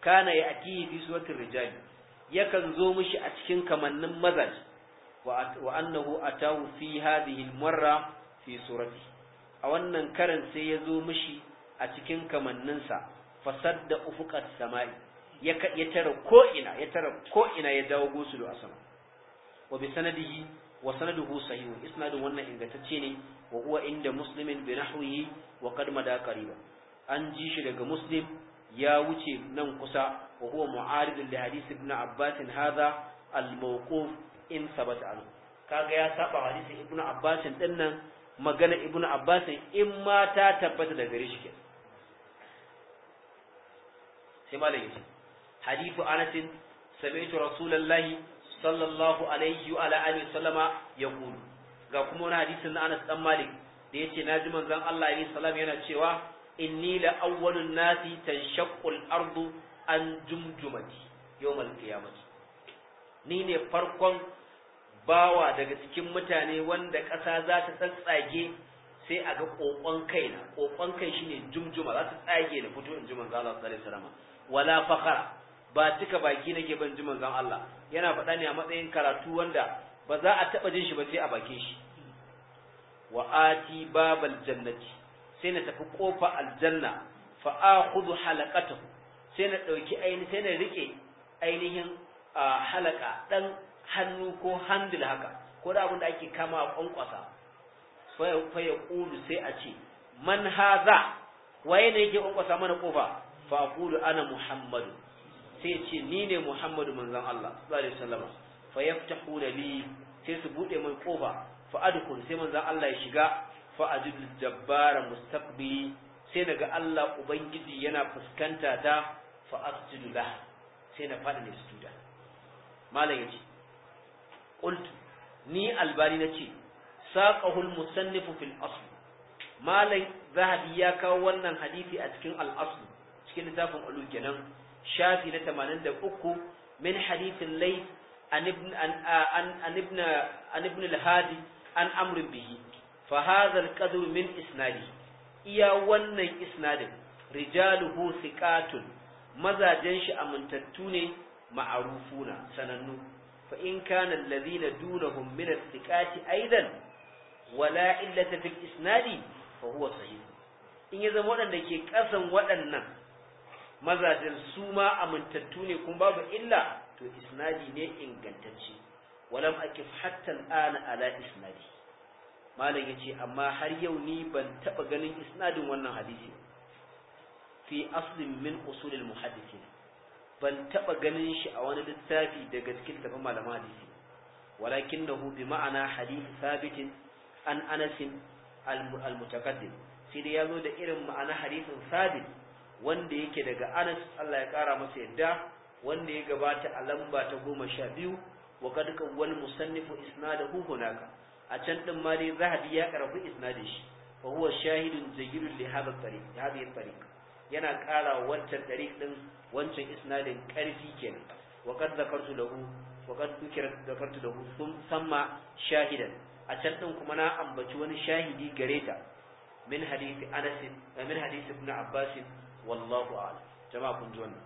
kana ya atihi fi suratul rijal yakan zo mishi a cikin kamannin mazaji wa annahu atahu fi hadhihi al-marra fi surati a wannan karan sai ya zo mishi a cikin kamanninsa fasadda ufuqat samai ya ya tara ko ya dawo gusulu a sama wa bi sanadihi wa sanaduhu sahih isnadun wannan ingantacce ne wa huwa inda muslimin bi nahwihi wa qad mada qariba an ji shi daga muslim ya wuce nan kusa wa huwa mu'aridun li hadith ibn abbas hadha al mawquf in sabata anhu kaga ya saba hadisin ibn abbas din nan magana ibn abbas in ma ta tabbata daga gare shi sai malam yace hadithu anas sami'tu rasulullahi sallallahu alaihi wa alihi sallama ya kulu ga kuma wani hadisin na Anas dan Malik da yace naji manzon Allah alaihi salam yana cewa inni la awwalun nasi tanshaqqu al-ardu an jumjumati yawmal qiyamati ni ne farkon bawa daga cikin mutane wanda ƙasa za ta tsatsage sai a ga ƙoƙon kaina ƙoƙon kai shine jumjuma za ta tsage da fito in ji manzon Allah sallallahu alaihi wala fakhara ba cika baki nake ban ji manzon Allah yana faɗa ne a matsayin karatu wanda ba za a taɓa jin shi ba sai a bakin shi wa ati babal jannati sai na tafi kofa aljanna fa akhudhu halaqatahu sai na dauki aini sai na rike ainihin halaka dan hannu ko handle haka ko da abin da ake kama a kwankwasa fa ya sai a ce man haza waye ne yake kwankwasa mana kofa fa ƙulu ana muhammadu sai ce ni ne Muhammadu manzon Allah sallallahu alaihi wasallam fa yaftahu li sai su bude mai kofa fa adkhul sai manzon Allah ya shiga fa ajid jabbara mustaqbi sai naga Allah ubangiji yana fuskanta ta fa asjudu lah sai na fada ne sujuda malam yace qult ni albani nace saqahul musannif fil asl malam zahabi ya kawo wannan hadisi a cikin al-asl cikin littafin ulu kenan shafi na 83 min hadithin lay an ibn an ibn hadi an amr bihi fa hadha al-qadr min isnadi iya wannan isnadin rijaluhu thiqatun mazajen shi amintattu ne ma'arufuna sanannu fa in kana alladhina dunahum min athiqati aidan wala illata fil isnadi fa huwa sahih in ya zama waɗanda ke ƙasan waɗannan mazajen su ma amintattu ne kuma babu illa to isnadi ne ingantacce walam akif hatta al'ana ala isnadi malam yace amma har yau ni ban taba ganin isnadin wannan hadisi fi aslin min usul al muhaddithin ban taba ganin shi a wani littafi daga cikin da malaman hadisi walakinahu bi ma'ana hadith thabitin an anas al mutaqaddim sai dai yazo da irin ma'ana hadisin thabit wanda yake daga Anas Allah ya kara masa yadda wanda ya gabata a lamba ta goma sha biyu wa kadaka wal musannifu isnadahu hunaka a can din ma dai zahabi ya karfi isnadin shi fa huwa shahidun jayyidun li hadha tariq hadhihi tariq yana kara wancan tariq din wancan isnadin karfi kenan wa kad zakartu lahu wa kad dukira zakartu lahu sun samma shahidan a can din kuma na ambaci wani shahidi gareta min hadisi Anas min hadisi Ibn Abbas wallahu a'lam jama'a kun ji wannan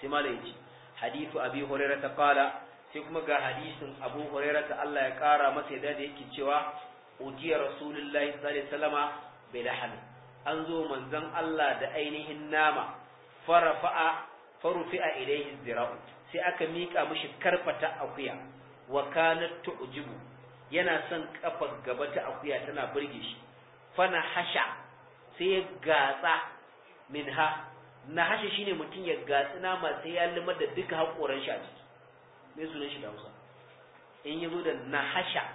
sai malai yace hadithu abi hurairah qala sai kuma ga hadisin abu hurairah Allah ya kara masa yadda da yake cewa ujiya rasulullahi sallallahu alaihi wasallama bil an zo manzon Allah da ainihin nama farafa'a farufi'a ilayhi zira'u sai aka mika mishi karfata akuya wa kanat tu'jibu yana son kafar gaba ta akuya tana burge shi fana hasha sai ya gatsa minha na hashe shine mutum ya gatsu nama sai ya limar da duka haƙoran shi a jiki me sunan shi da Hausa in yazo da nahasha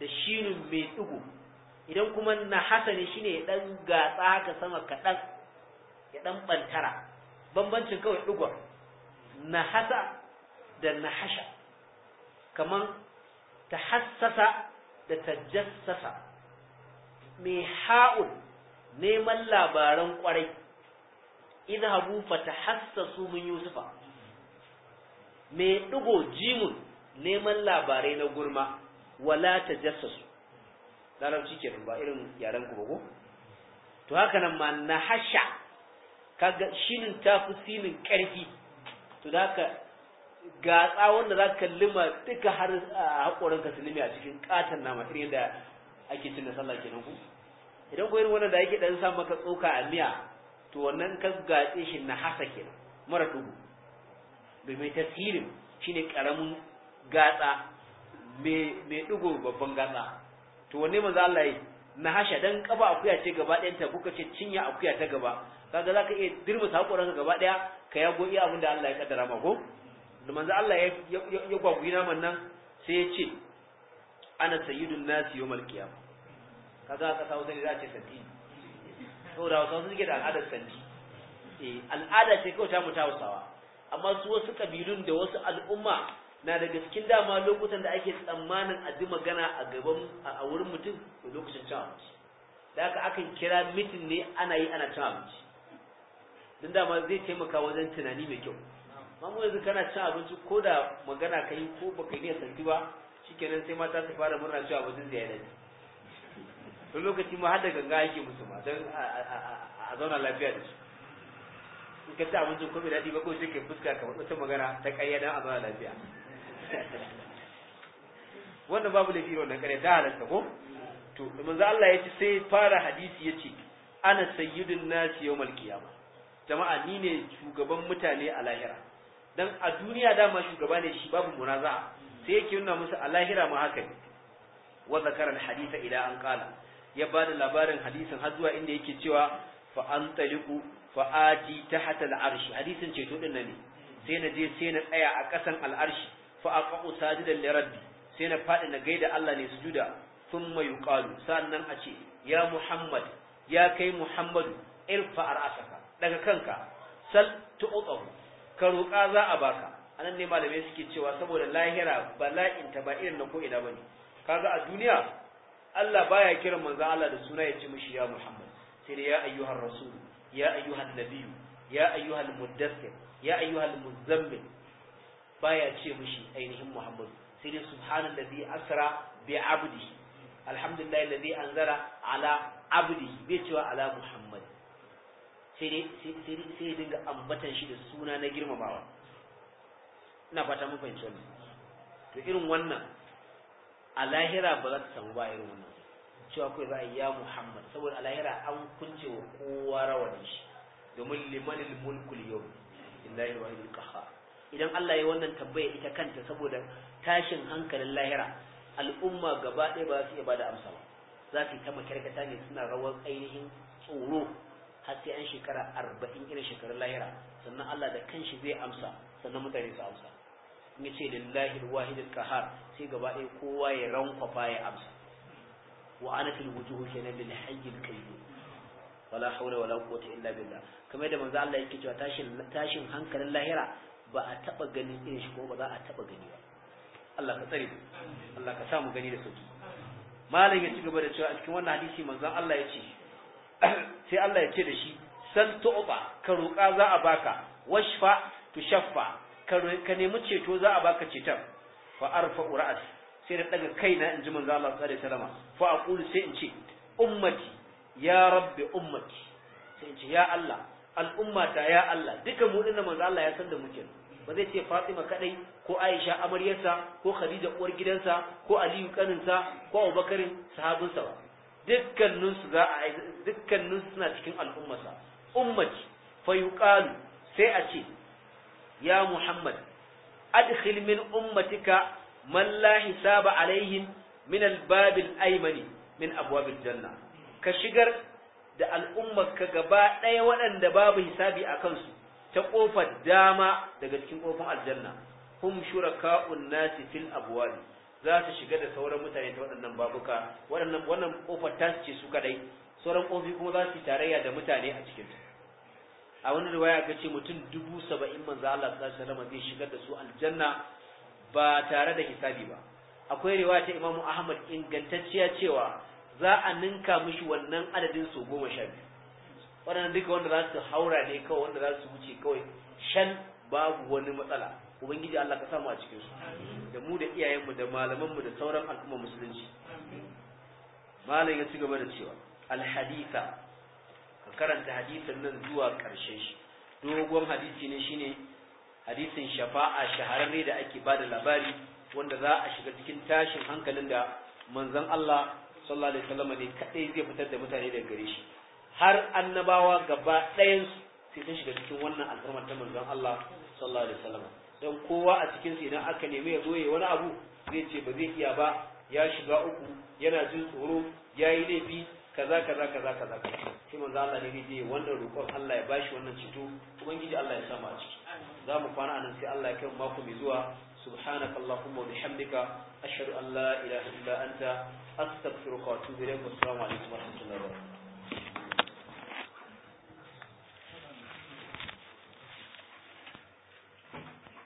da shirin mai digo idan kuma hasa ne shine ya dan gatsa haka sama kadan ya ɗan bantara bambancin kawai na nahasa da nahasha kaman tahassasa da tajassasa mai ha'ul neman labaran ƙwarai. idhabu fatahassasu min yusufa me dugo jimun neman labarai na gurma wala tajassasu larabci kenan ba irin yaran ku ba to haka nan ma nahasha kaga shinin tafi sinin karfi to haka gatsa wanda za ka lima duka har haƙorin ka a cikin katon nama irin da ake cin da sallah kenan ku idan ku irin wanda da yake dan sa maka tsoka a miya to wannan gasgatse shi na hasa ke mara duhu domin tasirin shine karamin gatsa mai dugo babban gatsa to wanne za Allah yi na hasha dan kaba akuya ce gaba ɗayan ta kuka ce cinya akuya ta gaba kaga ka iya dirba hakoran ka gaba ɗaya ka goyi abin abinda Allah ya kaddara ma ko da manzo Allah ya ya gwagwi naman nan sai ya ce ana sayyidun nasi yawmal qiyamah kaga ka sa sai da ce sabbi saboda hausawa suke da al'adar santi eh al'ada ce kawai ta mu ta hausawa amma su wasu kabilun da wasu al'umma na daga cikin dama lokutan da ake tsammanin a ji magana a gaban a wurin mutum da lokacin cin abinci da haka akan kira mitin ne ana yi ana cin abinci don dama zai taimaka wajen tunani mai kyau amma yanzu kana cin abinci ko da magana ka yi ko baka yi ne santi ba shikenan sai mata su fara murna cewa abincin zai yi to lokaci ma har ganga yake musu ma don a zauna lafiya da su in ka ta abincin ko bai daɗi ba ko sai ke fuska kamar wata magana ta ƙarya don a zauna lafiya <laughs> wannan babu laifi wannan ƙarya ta halatta ko to za Allah ya ce sai fara hadisi ya ce ana sayyidun nasi yawmal qiyama jama'a ni ne shugaban mutane a lahira dan a duniya dama shugaba ne shi babu munaza, sai yake nuna musu a lahira ma haka ne wa zakara hadisa ila an qala ya ba da labarin hadisin har zuwa inda yake cewa fa an taliku fa ati tahta al'arshi hadisin ceto din ne sai na je sai na tsaya a ƙasan al'arshi fa aqa'u sajidan li rabbi sai na faɗi na gaida Allah ne sujuda thumma yuqalu sannan a ce ya muhammad ya kai muhammadu irfa ra'saka daga kanka sal tu'tahu ka roƙa za a baka anan ne malamai suke cewa saboda lahira bala'in ta ba irin na ko ina bane kaga a duniya Allah baya kiran manzon Allah da suna ya ci mishi ya Muhammad sai dai ya ayyuhar rasul ya ayyuhan nabiyyu ya ayyuhal muddathir ya ayyuhal muzammil baya ce mishi ainihin Muhammad sai dai subhanallazi asra bi abdihi alhamdulillahi allazi anzara ala abdihi bai cewa ala Muhammad sai dai sai dinga ambatan shi da suna na girmamawa ina fata mun fahimci wannan to irin wannan a lahira ba za ta samu ba irin wannan cewa kai za a ya Muhammad saboda a lahira an kunce wa kowa rawani shi domin limanil mulkul yau lillahi wa ilil qahar idan Allah ya wannan tambaya ita kanta saboda tashin hankalin lahira al'umma gaba ɗaya ba su iya bada amsa ba za su yi ta makarkata ne suna rawar ainihin tsoro har sai an shekara arba'in irin shekarun lahira sannan Allah da kanshi zai amsa sannan mutane su amsa in ce lillahi wahidul qahar sai gaba ɗaya kowa ya rankwafa ya amsa wa anatil na kenan lil hayyil qayyum wala hawla wala quwwata illa billah kamar da manzo Allah yake cewa tashin tashin hankalin lahira ba a taba ganin irin shi ko ba za a taba gani ba Allah ka tsare Allah ka sa mu gani da sauki malam ya ci gaba da cewa a cikin wannan hadisi manzo Allah ya ce <coughs> sai Allah ya ce da shi sal tu'ba ka roƙa za a baka washfa tushaffa ka nemi ceto za a baka ceton fa arfa ra'as sai na daga kaina in ji manzo Allah sallallahu alaihi wasallam fa sai in ce ummati ya rabbi ummati sai in ce ya Allah al'umma ya Allah duka mu dinnan manzo Allah ya san da muke ba zai ce Fatima kadai ko Aisha amaryarsa ko Khadija uwar gidansa ko Aliyu kaninsa ko Abubakarin sahabinsa ba su za a su suna cikin al'ummarsa ummati fa yuqalu sai a ce ya Muhammad adkhil min ummatika man la hisaba alaihim min albab alaymani min abwab aljanna ka shigar da ka gaba ɗaya waɗanda babu hisabi a kansu ta ƙofar dama daga cikin ƙofar aljanna hum shuraka'un nasi fil abwab za su shiga da sauran mutane ta waɗannan babuka waɗannan wannan ƙofar ta ce su kadai sauran ƙofi kuma za su tarayya da mutane a cikin ta a wani riwaya ka ce mutum dubu saba'in manzo Allah sallallahu alaihi zai shigar da su aljanna ba tare da hisabi ba akwai riwaya ta Imam Ahmad ingantacciya cewa za a ninka mishi wannan adadin su goma sha biyu waɗannan duka wanda za su haura ne kawai wanda za su wuce kawai shan babu wani matsala ubangiji Allah ka samu a cikin su da mu da iyayenmu da malamanmu da sauran al'umma musulunci malam ya ci gaba da cewa alhaditha karanta hadisin nan zuwa ƙarshen shi dogon hadisi ne shine hadisin shafa'a shahararre da ake ba da labari wanda za a shiga cikin tashin hankalin da manzon Allah sallallahu alaihi wasallam ne kadai zai fitar da mutane daga gare shi har annabawa gaba ɗayan sai sun shiga cikin wannan alfarmar ta manzon Allah sallallahu alaihi wasallam dan kowa a cikin su idan aka nemi ya zo yayi wani abu zai ce ba zai iya ba ya shiga uku yana jin tsoro ya yi laifi kaza kaza kaza kaza sai manzo Allah ne je wannan roƙon Allah ya bashi wannan cito ubangiji Allah ya samaci za mu kwana anan sai Allah ya kai mako mai zuwa subhanaka allahumma wa bihamdika ashhadu an la ilaha illa anta astaghfiruka wa atubu ilayk assalamu alaikum wa rahmatullahi wa barakatuh